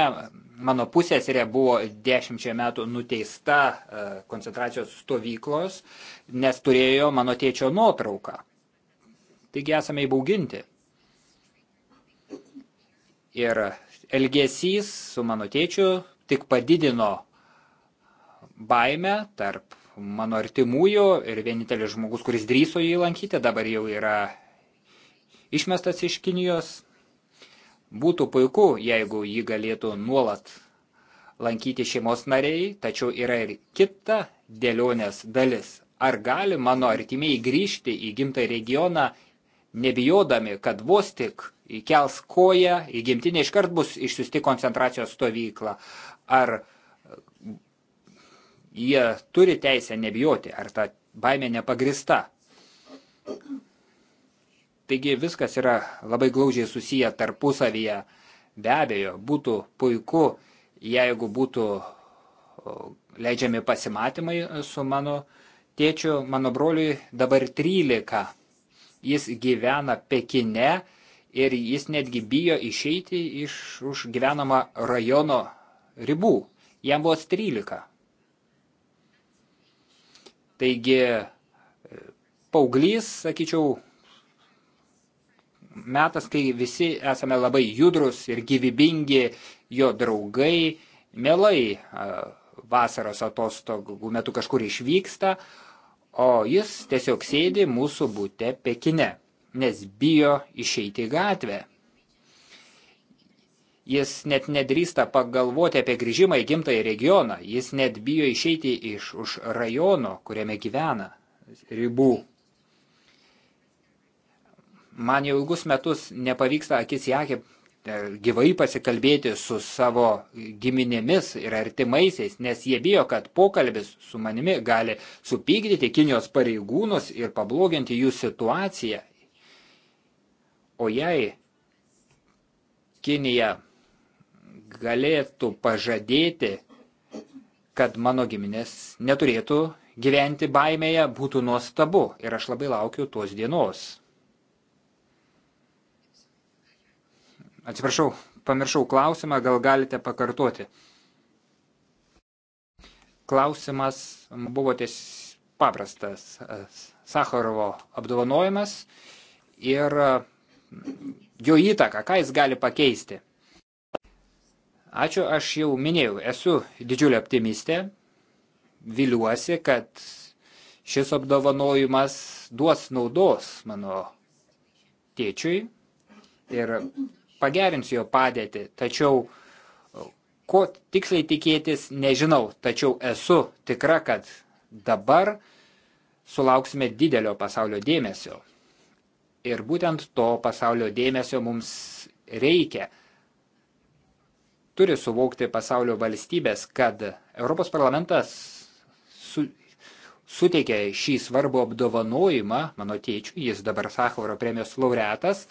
Mano pusėsirė buvo dešimčia metų nuteista e, koncentracijos stovyklos, nes turėjo mano tėčio nuotrauką. Taigi esame įbauginti. Ir elgesys su mano tėčiu tik padidino baimę tarp mano artimųjų ir vienintelis žmogus, kuris drįso jį lankyti, dabar jau yra išmestas iš Kinijos. Būtų puiku, jeigu jį galėtų nuolat lankyti šeimos nariai, tačiau yra ir kita dėlionės dalis. Ar gali mano artimiai grįžti į gimtą regioną, nebijodami, kad vos tik įkels koją, į gimtinę iškart bus išsiusti koncentracijos stovyklą? Ar jie turi teisę nebijoti, ar ta baimė nepagrista? Taigi viskas yra labai glaužiai susiję tarpusavyje. Be abejo, būtų puiku, jeigu būtų leidžiami pasimatymai e, su mano tėčiu, mano broliui dabar 13. Jis gyvena Pekine ir jis netgi bijo išeiti iš už gyvenamą rajono ribų. Jam buvo 13. Taigi, e, paauglys, sakyčiau, metas, kai visi esame labai judrus ir gyvybingi, jo draugai mielai vasaros atostogų metu kažkur išvyksta, o jis tiesiog sėdi mūsų būte Pekine, nes bijo išeiti į gatvę. Jis net nedrįsta pagalvoti apie grįžimą į gimtąjį regioną, jis net bijo išeiti iš už rajono, kuriame gyvena, ribų. Man jau ilgus metus nepavyksta akis į akį e, gyvai pasikalbėti su savo giminėmis ir artimaisiais, nes jie bijo, kad pokalbis su manimi gali supykdyti Kinijos pareigūnus ir pabloginti jų situaciją. O jei Kinija galėtų pažadėti, kad mano giminės neturėtų gyventi baimėje, būtų nuostabu ir aš labai laukiu tos dienos. Atsiprašau, pamiršau klausimą, gal galite pakartoti. Klausimas buvo ties paprastas. Sakharovo apdovanojimas ir jo įtaka, ką jis gali pakeisti. Ačiū, aš jau minėjau, esu didžiulė optimistė, viliuosi, kad šis apdovanojimas duos naudos mano tėčiui ir pagerins jo padėtį, tačiau e, ko tiksliai tikėtis nežinau, tačiau esu tikra, kad dabar sulauksime didelio pasaulio dėmesio. Ir būtent to pasaulio dėmesio mums reikia. Turi suvokti pasaulio valstybės, kad Europos parlamentas su, suteikė šį svarbų apdovanojimą mano tėčiui, jis dabar Sakharo premijos laureatas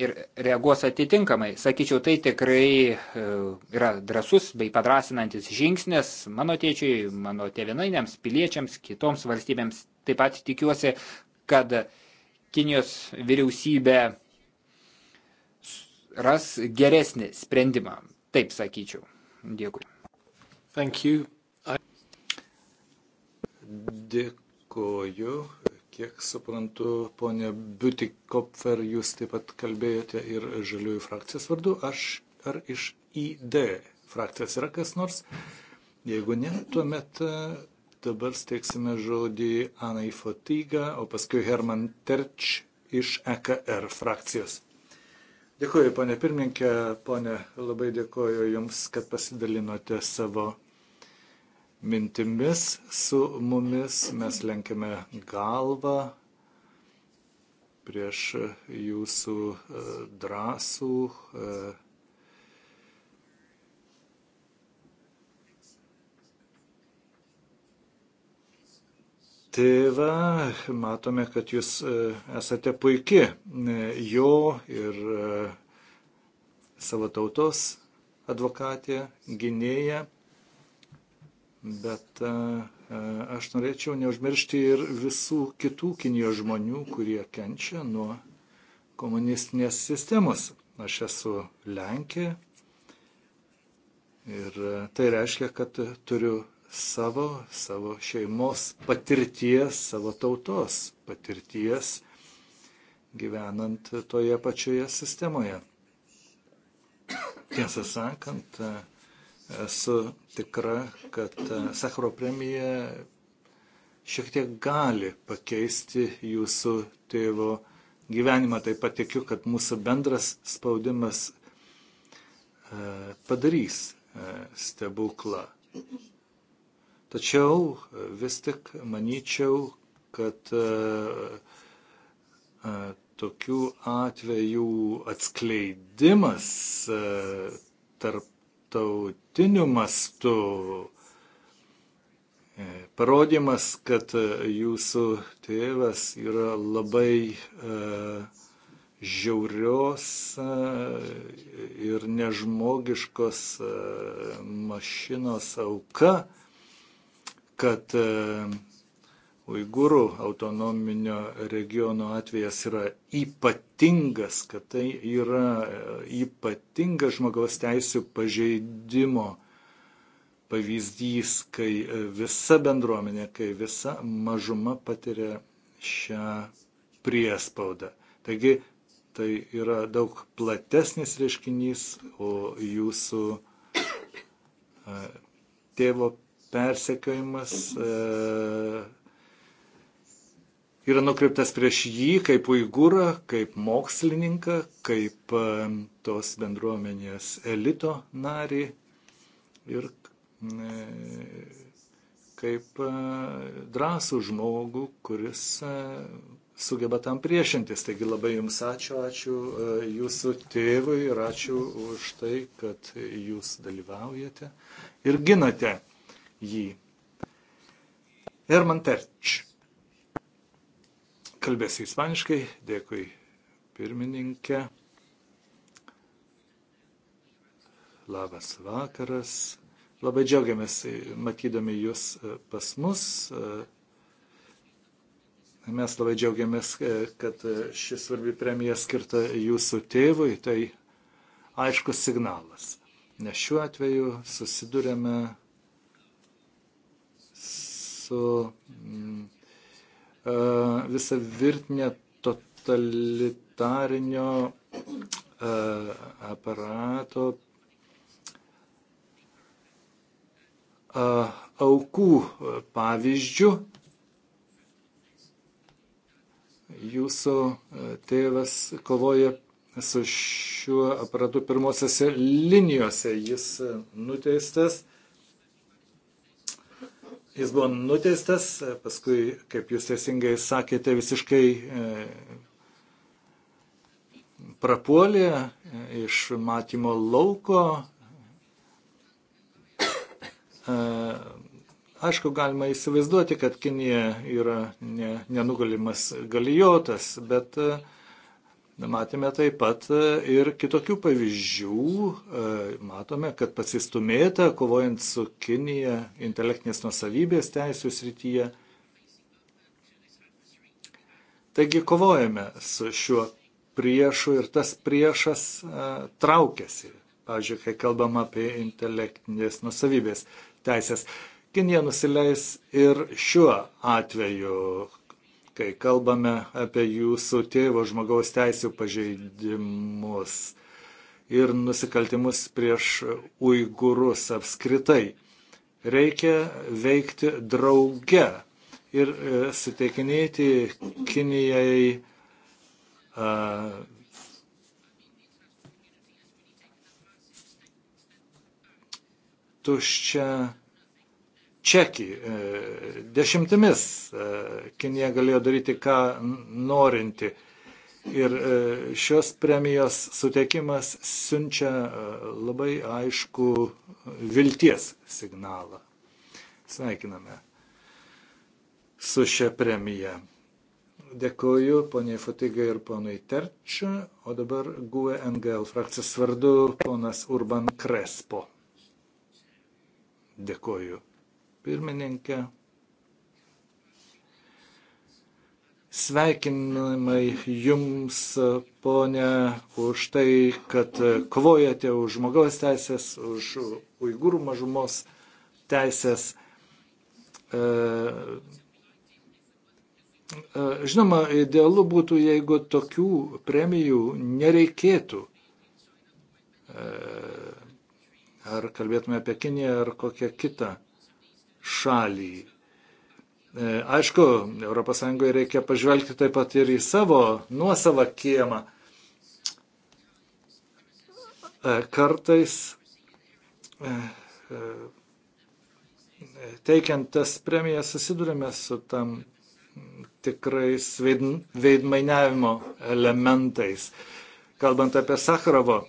ir reaguos atitinkamai. Sakyčiau, tai tikrai e, yra drasus bei padrasinantis žingsnis mano tėčiui, mano tėvinainiams, piliečiams, kitoms valstybėms. Taip pat tikiuosi, kad Kinijos vyriausybė ras geresnį sprendimą. Taip sakyčiau. Dėkui. Thank you. I... Dėkoju. Kiek suprantu, ponė Biutikopfer, jūs taip pat kalbėjote ir žaliųjų frakcijos vardu. Aš ar iš ID frakcijos yra kas nors? Jeigu ne, tuomet e, dabar steiksime žodį Anai Fotyga, o paskui Herman Terč iš EKR frakcijos. Dėkuoju, ponė pirmininkė, ponė, labai dėkuoju Jums, kad pasidalinote savo mintimis su mumis, mes lenkiame galvą prieš jūsų e, drąsų e, tėvą, matome, kad jūs e, esate puiki jo ir savo tautos advokatė, gynėja. Bet e, e, aš norėčiau neužmiršti ir visų kitų Kinijos žmonių, kurie kenčia nuo komunistinės sistemos. Aš esu Lenkė ir e, tai reiškia, kad turiu savo, savo šeimos patirties, savo tautos patirties gyvenant toje pačioje sistemoje. Tiesą sakant, Esu tikra, kad e, Sakro premija šiek tiek gali pakeisti jūsų tėvo gyvenimą. Taip pat tikiu, kad mūsų bendras spaudimas e, padarys e, stebuklą. Tačiau vis tik manyčiau, kad tokių atvejų atskleidimas tarp tarptautiniu mastu e, parodymas, kad e, jūsų tėvas yra labai e, žiaurios ir nežmogiškos mašinos auka, kad uh, Uigūrų autonominio regiono atvejas yra ypatingas, kad tai yra e, ypatingas žmogaus teisų pažeidimo pavyzdys, kai e, visa bendruomenė, kai visa mažuma patiria šią priespaudą. Taigi tai yra daug platesnis reiškinys, o jūsų e, tėvo persekiojimas. E, yra nukreiptas prieš jį kaip uigūrą, kaip mokslininką, kaip tos bendruomenės elito narį ir kaip e, drąsų žmogų, kuris e, sugeba tam priešintis. Taigi labai Jums ačiū, ačiū e, Jūsų tėvui ir ačiū už tai, kad Jūs dalyvaujate ir ginate jį. Herman Terč. Kalbėsiu ispaniškai. Dėkui, pirmininkė. Labas vakaras. Labai džiaugiamės matydami jūs e, pas mus. E, mes labai džiaugiamės, e, kad ši svarbi premija skirta jūsų tėvui. Tai aiškus signalas. Nes šiuo atveju susidurėme su. Mm, E, visą virtinę totalitarinio e, aparato e, aukų pavyzdžių. Jūsų tėvas kovoja su šiuo aparatu pirmosiose linijose. Jis nuteistas jis buvo nuteistas, paskui, kaip jūs teisingai sakėte, visiškai e, prapuolė e, iš matymo lauko. E, aišku, galima įsivaizduoti, kad Kinija yra ne, nenugalimas galijotas, bet uh, Matėme taip pat e, ir kitokių pavyzdžių. E, matome, kad pasistumėta, kovojant su Kinija intelektinės nusavybės teisų srityje. Taigi kovojame su šiuo priešu ir tas priešas e, traukiasi. Pavyzdžiui, kai kalbam apie intelektinės nusavybės teisės. Kinija nusileis ir šiuo atveju, kai kalbame apie jūsų tėvo žmogaus teisų pažeidimus ir nusikaltimus prieš uigurus apskritai. Reikia veikti drauge ir e, suteikinėti Kinijai a, tuščią čekį. E, dešimtimis e, Kinija galėjo daryti, ką norinti. Ir e, šios premijos suteikimas siunčia labai aišku vilties signalą. Sveikiname su šia premija. Dėkoju poniai Fatigai ir ponui Terčiu, o dabar GUE NGL frakcijos vardu ponas Urban Krespo. Dėkoju pirmininkė. Sveikinimai jums, ponė, už tai, kad kovojate už žmogaus teisės, už uigūrų mažumos teisės. E, e, žinoma, idealu būtų, jeigu tokių premijų nereikėtų. E, ar kalbėtume apie Kiniją ar kokią kitą šalį. E, aišku, ES reikia pažvelgti taip pat ir į savo nuosavą kiemą. E, kartais e, teikiant tas premijas susidurime su tam tikrais veidmainiavimo elementais. Kalbant apie Sakarovo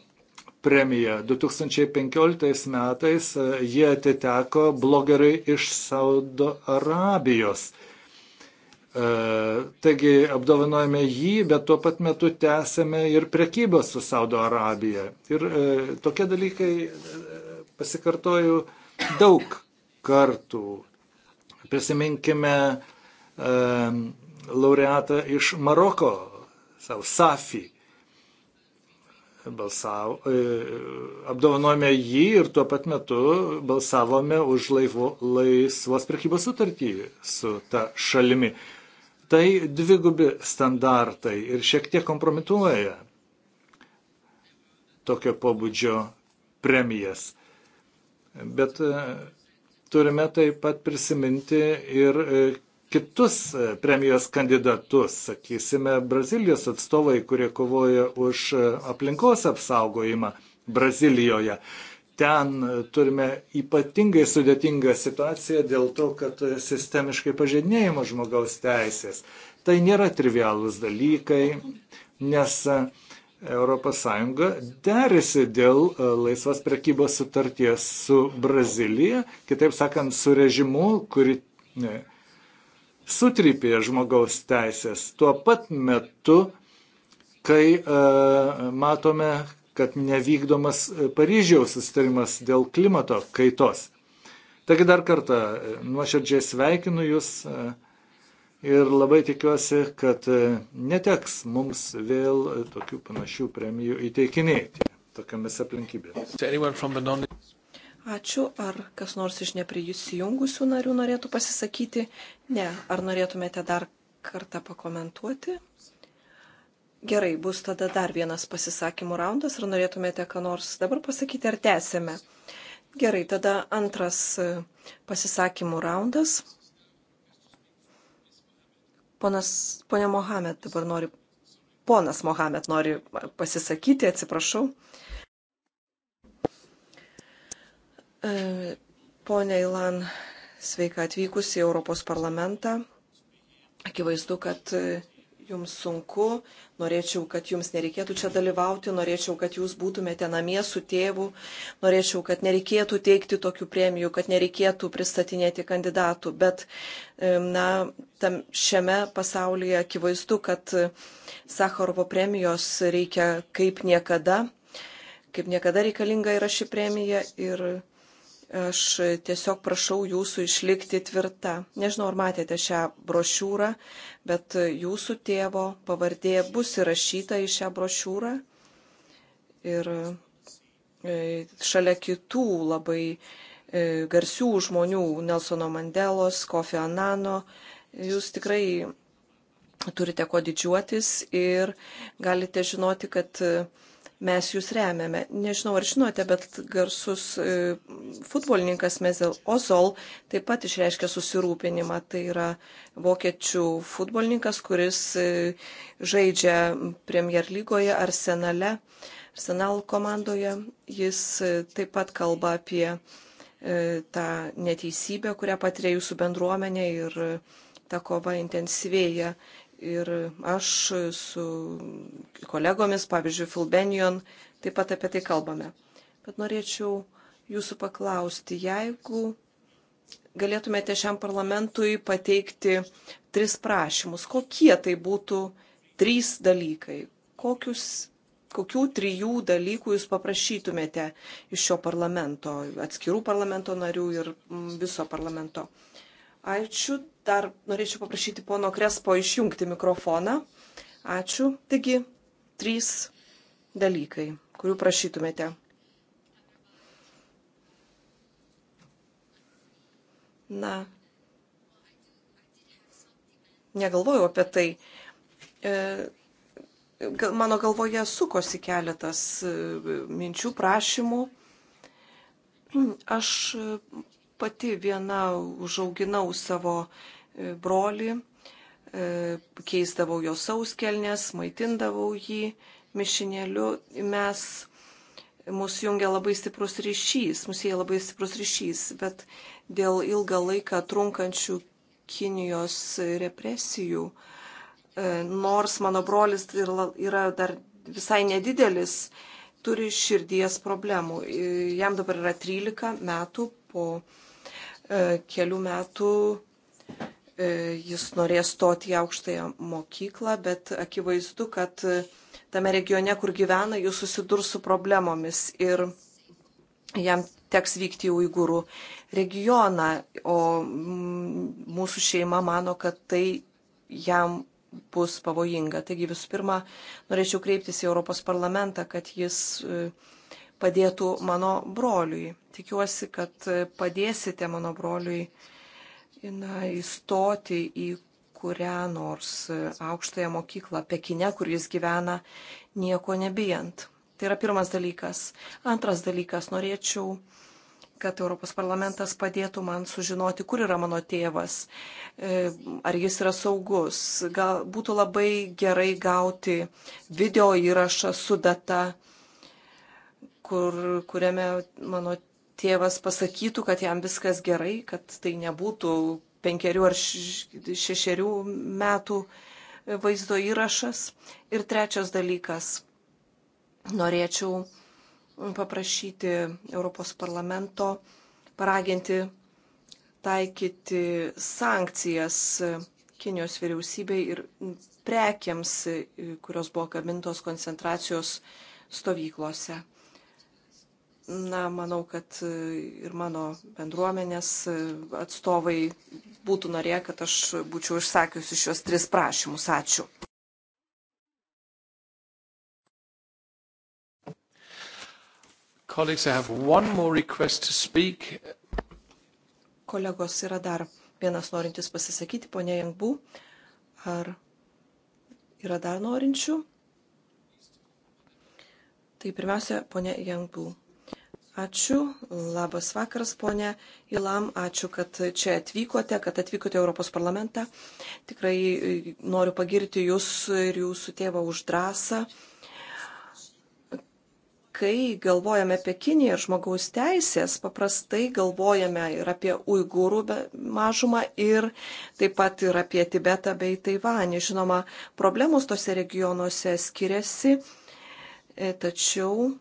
premija. 2015 metais e, jie atiteko blogeriai iš Saudo Arabijos. E, taigi apdovanojame jį, bet tuo pat metu tęsėme ir prekybą su Saudo Arabija. Ir e, tokie dalykai pasikartoju daug kartų. Prisiminkime laureatą iš Maroko, savo Safi balsavo, e, apdovanojome jį ir tuo pat metu balsavome už laivo, laisvos prekybos sutartį su ta šalimi. Tai dvigubi standartai ir šiek tiek kompromituoja tokio pobūdžio premijas. Bet e, turime taip pat prisiminti ir e, kitus e, premijos kandidatus, sakysime, Brazilijos atstovai, kurie kovoja už e, aplinkos apsaugojimą Brazilijoje. Ten e, turime ypatingai sudėtingą situaciją dėl to, kad sistemiškai pažeidinėjimo žmogaus teisės. Tai nėra trivialūs dalykai, nes ES derisi dėl laisvos prekybos sutarties su Brazilija, kitaip sakant, su režimu, kuri, ne, sutrypė žmogaus teisės tuo pat metu, kai e, matome, kad nevykdomas Paryžiaus sustarimas dėl klimato kaitos. Taigi dar kartą e, nuoširdžiai sveikinu Jūs e, ir labai tikiuosi, kad e, neteks mums vėl tokių panašių premijų įteikinėti tokiamis aplinkybėmis. Ačiū. Ar kas nors iš neprijungusių narių norėtų pasisakyti? Ne. Ar norėtumėte dar kartą pakomentuoti? Gerai, bus tada dar vienas pasisakymų raundas. Ar norėtumėte ką nors dabar pasakyti, ar tęsime? Gerai, tada antras e, pasisakymų raundas. Ponas, ponia Mohamed dabar nori, ponas Mohamed nori e, pasisakyti, atsiprašau. Uh, E, Pone Ilan, sveika atvykus į Europos parlamentą. Akivaizdu, kad e, jums sunku, norėčiau, kad jums nereikėtų čia dalyvauti, norėčiau, kad jūs būtumėte namie su tėvu, norėčiau, kad nereikėtų teikti tokių premijų, kad nereikėtų pristatinėti kandidatų, bet e, na, tam, šiame pasaulyje akivaizdu, kad Sakharovo premijos reikia kaip niekada, kaip niekada reikalinga yra ši premija ir Aš tiesiog prašau jūsų išlikti tvirta. Nežinau, ar matėte šią brošiūrą, bet jūsų tėvo pavardė bus įrašyta į šią brošiūrą. Ir e, šalia kitų labai e, garsių žmonių, Nelsono Mandelos, Kofi Anano, jūs tikrai turite ko didžiuotis ir galite žinoti, kad mes jūs remiame. Nežinau, ar žinote, bet garsus e, futbolininkas Mezel Ozol taip pat išreiškė susirūpinimą. Tai yra vokiečių futbolininkas, kuris e, žaidžia Premier lygoje Arsenale, Arsenal komandoje. Jis e, taip pat kalba apie tą neteisybę, kurią patiria jūsų bendruomenė ir ta kova intensyvėja Ir aš su kolegomis, pavyzdžiui, Fulbenion, taip pat apie tai kalbame. Bet norėčiau jūsų paklausti, jeigu galėtumėte šiam parlamentui pateikti tris prašymus, kokie tai būtų trys dalykai, kokius, kokių trijų dalykų jūs paprašytumėte iš šio parlamento, atskirų parlamento narių ir mm, viso parlamento. Ačiū, Dar norėčiau paprašyti pono Krespo išjungti mikrofoną. Ačiū. Taigi, trys dalykai, kurių prašytumėte. Na, negalvojau apie tai. E, mano galvoje sukosi keletas e, minčių, prašymų. Aš Pati viena užauginau savo e, brolį, e, keisdavau jo sauskelnes, maitindavau jį mišinėliu. Mes, mus jungia labai stiprus ryšys, mus jie labai stiprus ryšys, bet dėl ilgą laiką trunkančių Kinijos represijų, e, nors mano brolis yra dar visai nedidelis, turi širdies problemų. Jam dabar yra 13 metų po E, kelių metų e, jis norės stoti į aukštąją mokyklą, bet akivaizdu, kad tame regione, kur gyvena, jūs susidurs su problemomis ir jam teks vykti į Uigūrų regioną, o mm, mūsų šeima mano, kad tai jam bus pavojinga. Taigi visų pirma, norėčiau kreiptis į Europos parlamentą, kad jis uh, padėtų mano broliui. Tikiuosi, kad padėsite mano broliui na, įstoti į kurią nors aukštąją mokyklą Pekine, kur jis gyvena, nieko nebijant. Tai yra pirmas dalykas. Antras dalykas, norėčiau kad Europos parlamentas padėtų man sužinoti, kur yra mano tėvas, e, ar jis yra saugus. Gal būtų labai gerai gauti video įrašą su data kur, kuriame mano tėvas pasakytų, kad jam viskas gerai, kad tai nebūtų penkerių ar šešerių metų vaizdo įrašas. Ir trečias dalykas. Norėčiau paprašyti Europos parlamento paraginti taikyti sankcijas Kinijos vyriausybei ir prekiams, kurios buvo gamintos koncentracijos stovyklose na, manau, kad e, ir mano bendruomenės e, atstovai būtų norėję, kad aš būčiau išsakiusi šios tris prašymus. Ačiū. Kolegos yra dar vienas norintis pasisakyti, ponė Jankbų. Ar yra dar norinčių? Tai pirmiausia, ponė Jankbų. Ačiū, labas vakaras, ponė Ilam, ačiū, kad čia atvykote, kad atvykote Europos parlamentą. Tikrai e, noriu pagirti jūs ir jūsų tėvą už drąsą. Kai galvojame apie Kiniją ir žmogaus teisės, paprastai galvojame ir apie uigūrų mažumą ir taip pat ir apie Tibetą bei Taivanį. Žinoma, problemos tose regionuose skiriasi, e, tačiau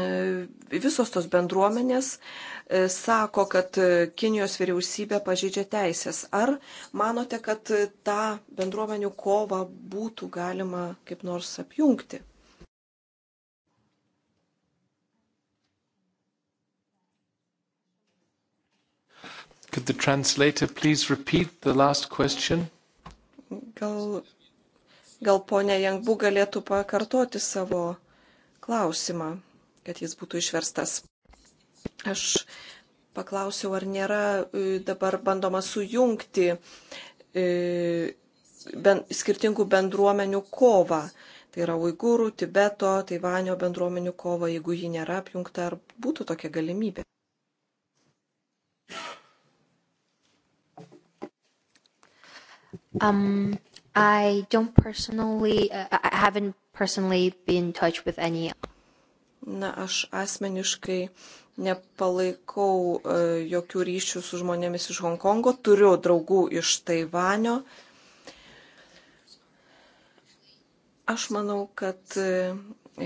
E, visos tos bendruomenės e, sako, kad e, Kinijos vyriausybė pažydžia teisės. Ar manote, kad tą bendruomenių kovą būtų galima kaip nors apjungti? Could the translator please repeat the last question? Gal, gal ponia Jangbu galėtų pakartoti savo klausimą kad jis būtų išverstas. Aš paklausiau, ar nėra e, dabar bandoma sujungti e, ben, skirtingų bendruomenių kovą. Tai yra Uigūrų, Tibeto, Taivanio bendruomenių kova, jeigu ji nėra apjungta, ar būtų tokia galimybė. Um, I don't personally, uh, I haven't personally been in touch with any Na, aš asmeniškai nepalaikau e, jokių ryšių su žmonėmis iš Hongkongo, turiu draugų iš Taivanio. Aš manau, kad e,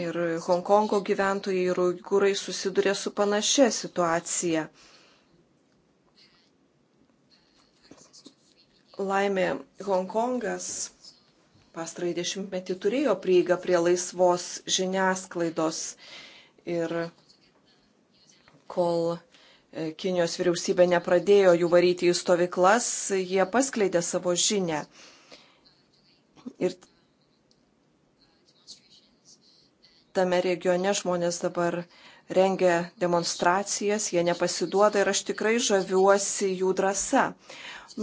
ir Hongkongo gyventojai ir uigūrai susiduria su panašia situacija. Laimė Hongkongas pastarąjį dešimtmetį turėjo prieigą prie laisvos žiniasklaidos ir kol e, Kinijos vyriausybė nepradėjo jų varyti į stovyklas, jie paskleidė savo žinę. Ir tame regione žmonės dabar rengia demonstracijas, jie nepasiduoda ir aš tikrai žaviuosi jų drąsa.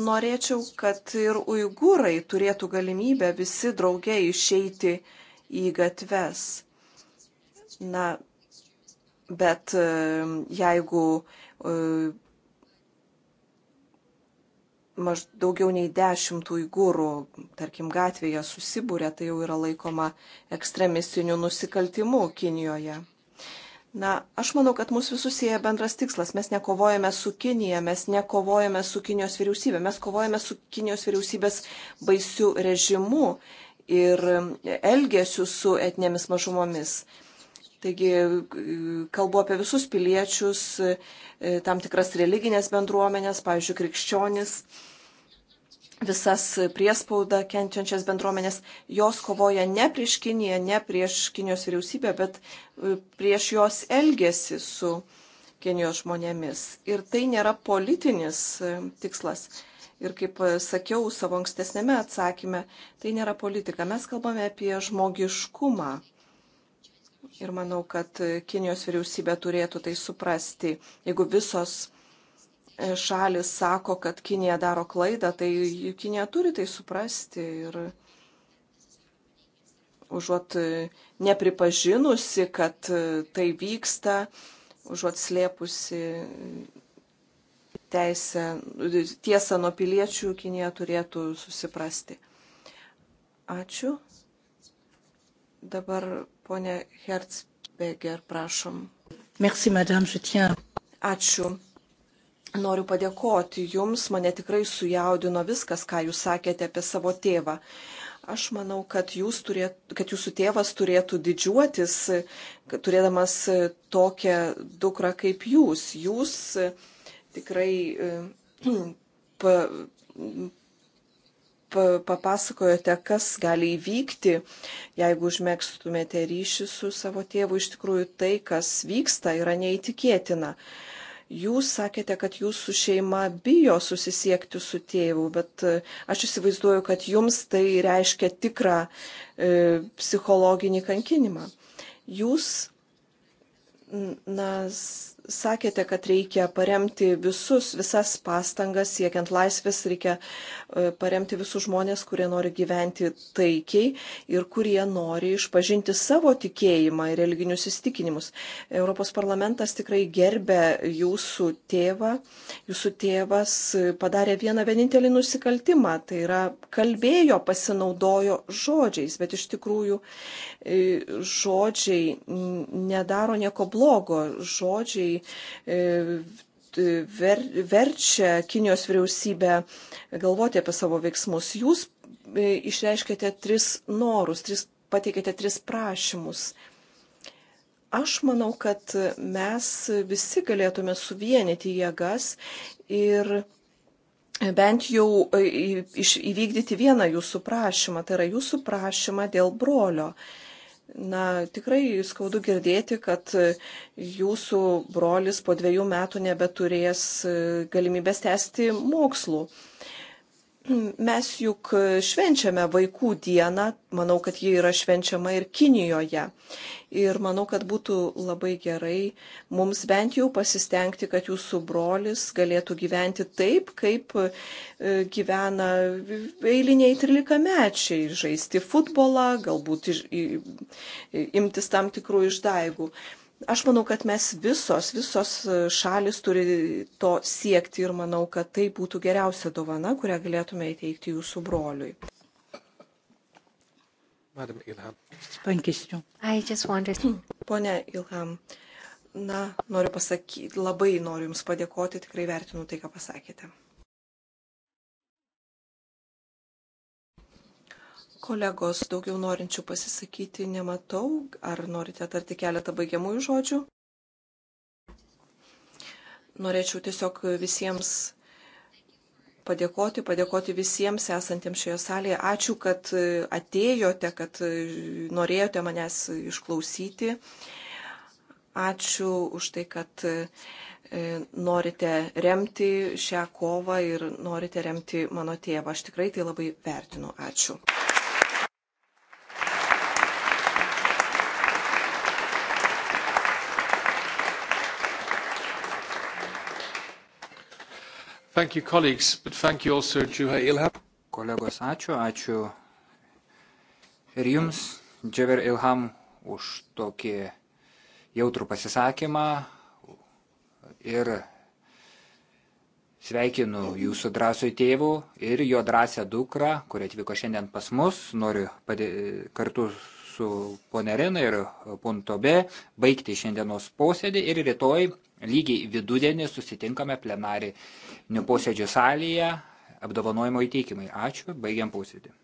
Norėčiau, kad ir uigūrai turėtų galimybę visi draugiai išeiti į gatves. Na, Bet e, jeigu e, maž daugiau nei dešimt uigūrų, tarkim, gatvėje susibūrė, tai jau yra laikoma ekstremistiniu nusikaltimu Kinijoje. Na, aš manau, kad mūsų visus sieja bendras tikslas. Mes nekovojame su Kinija, mes nekovojame su Kinijos vyriausybė, mes kovojame su Kinijos vyriausybės baisiu režimu ir e, elgesiu su etinėmis mažumomis. Taigi kalbu apie visus piliečius, e, tam tikras religinės bendruomenės, pavyzdžiui, krikščionis, visas priespaudą kenčiančias bendruomenės. Jos kovoja ne prieš Kiniją, ne prieš Kinijos vyriausybę, bet e, prieš jos elgesį su Kinijos žmonėmis. Ir tai nėra politinis e, tikslas. Ir kaip sakiau savo ankstesnėme atsakyme, tai nėra politika. Mes kalbame apie žmogiškumą Ir manau, kad Kinijos vyriausybė turėtų tai suprasti. Jeigu visos e, šalis sako, kad Kinija daro klaidą, tai Kinija turi tai suprasti. Ir užuot e, nepripažinusi, kad e, tai vyksta, užuot slėpusi teisę, tiesą nuo piliečių, Kinija turėtų susiprasti. Ačiū. Dabar Pone Herzbeger, prašom. Merci, madame, je tiens. Ačiū. Noriu padėkoti Jums, mane tikrai sujaudino viskas, ką Jūs sakėte apie savo tėvą. Aš manau, kad, jūs turėt, kad Jūsų tėvas turėtų didžiuotis, turėdamas tokią dukrą kaip Jūs. Jūs tikrai eh, *clears throat* pa, papasakojote, kas gali įvykti, jeigu užmėgstumėte ryšį su savo tėvu. Iš tikrųjų, tai, kas vyksta, yra neįtikėtina. Jūs sakėte, kad jūsų šeima bijo susisiekti su tėvu, bet e, aš įsivaizduoju, kad jums tai reiškia tikrą e, psichologinį kankinimą. Jūs, na, sakėte, kad reikia paremti visus, visas pastangas siekiant laisvės, reikia e, paremti visus žmonės, kurie nori gyventi taikiai ir kurie nori išpažinti savo tikėjimą ir religinius įstikinimus. Europos parlamentas tikrai gerbė jūsų tėvą. Jūsų tėvas padarė vieną vienintelį nusikaltimą, tai yra kalbėjo, pasinaudojo žodžiais, bet iš tikrųjų e, žodžiai nedaro nieko blogo. Žodžiai E, ver, verčia Kinijos vyriausybę galvoti apie savo veiksmus. Jūs e, išreiškėte tris norus, tris, pateikėte tris prašymus. Aš manau, kad mes visi galėtume suvienyti jėgas ir bent jau e, įvykdyti vieną jūsų prašymą, tai yra jūsų prašymą dėl brolio. Uh, Na, tikrai skaudu girdėti, kad jūsų brolis po dviejų metų nebeturės e, galimybės tęsti mokslų. Mes juk e, švenčiame vaikų dieną, manau, kad ji yra švenčiama ir Kinijoje. Ir manau, kad būtų labai gerai mums bent jau pasistengti, kad jūsų brolis galėtų gyventi taip, kaip e, gyvena eiliniai 13-mečiai - žaisti futbolą, galbūt imtis tam tikrų išdaigų. Aš manau, kad mes visos, visos e, šalis turi to siekti ir manau, kad tai būtų geriausia dovana, kurią galėtume įteikti jūsų broliui. Madam Ilham. Pone Ilham, na, noriu pasakyti, labai noriu Jums padėkoti, tikrai vertinu tai, ką pasakėte. Kolegos, daugiau norinčių pasisakyti nematau. Ar norite tarti keletą baigiamųjų žodžių? Norėčiau tiesiog visiems padėkoti, padėkoti visiems esantiems šioje salėje. Ačiū, kad atėjote, kad norėjote manęs išklausyti. Ačiū už tai, kad e, norite remti šią kovą ir norite remti mano tėvą. Aš tikrai tai labai vertinu. Ačiū. Thank you, colleagues, but thank you also, Juha Ilham. Kolegos, ačiū, ačiū ir jums, Džever Ilham, už tokį jautrų pasisakymą ir sveikinu jūsų drąsų tėvų ir jo drąsią dukrą, kuri atvyko šiandien pas mus. Noriu padė... kartu su ponerina ir puntobe baigti šiandienos posėdį ir rytoj lygiai vidudienį susitinkame plenarį posėdžių salėje apdovanojimo įteikimai. Ačiū, baigiam posėdį.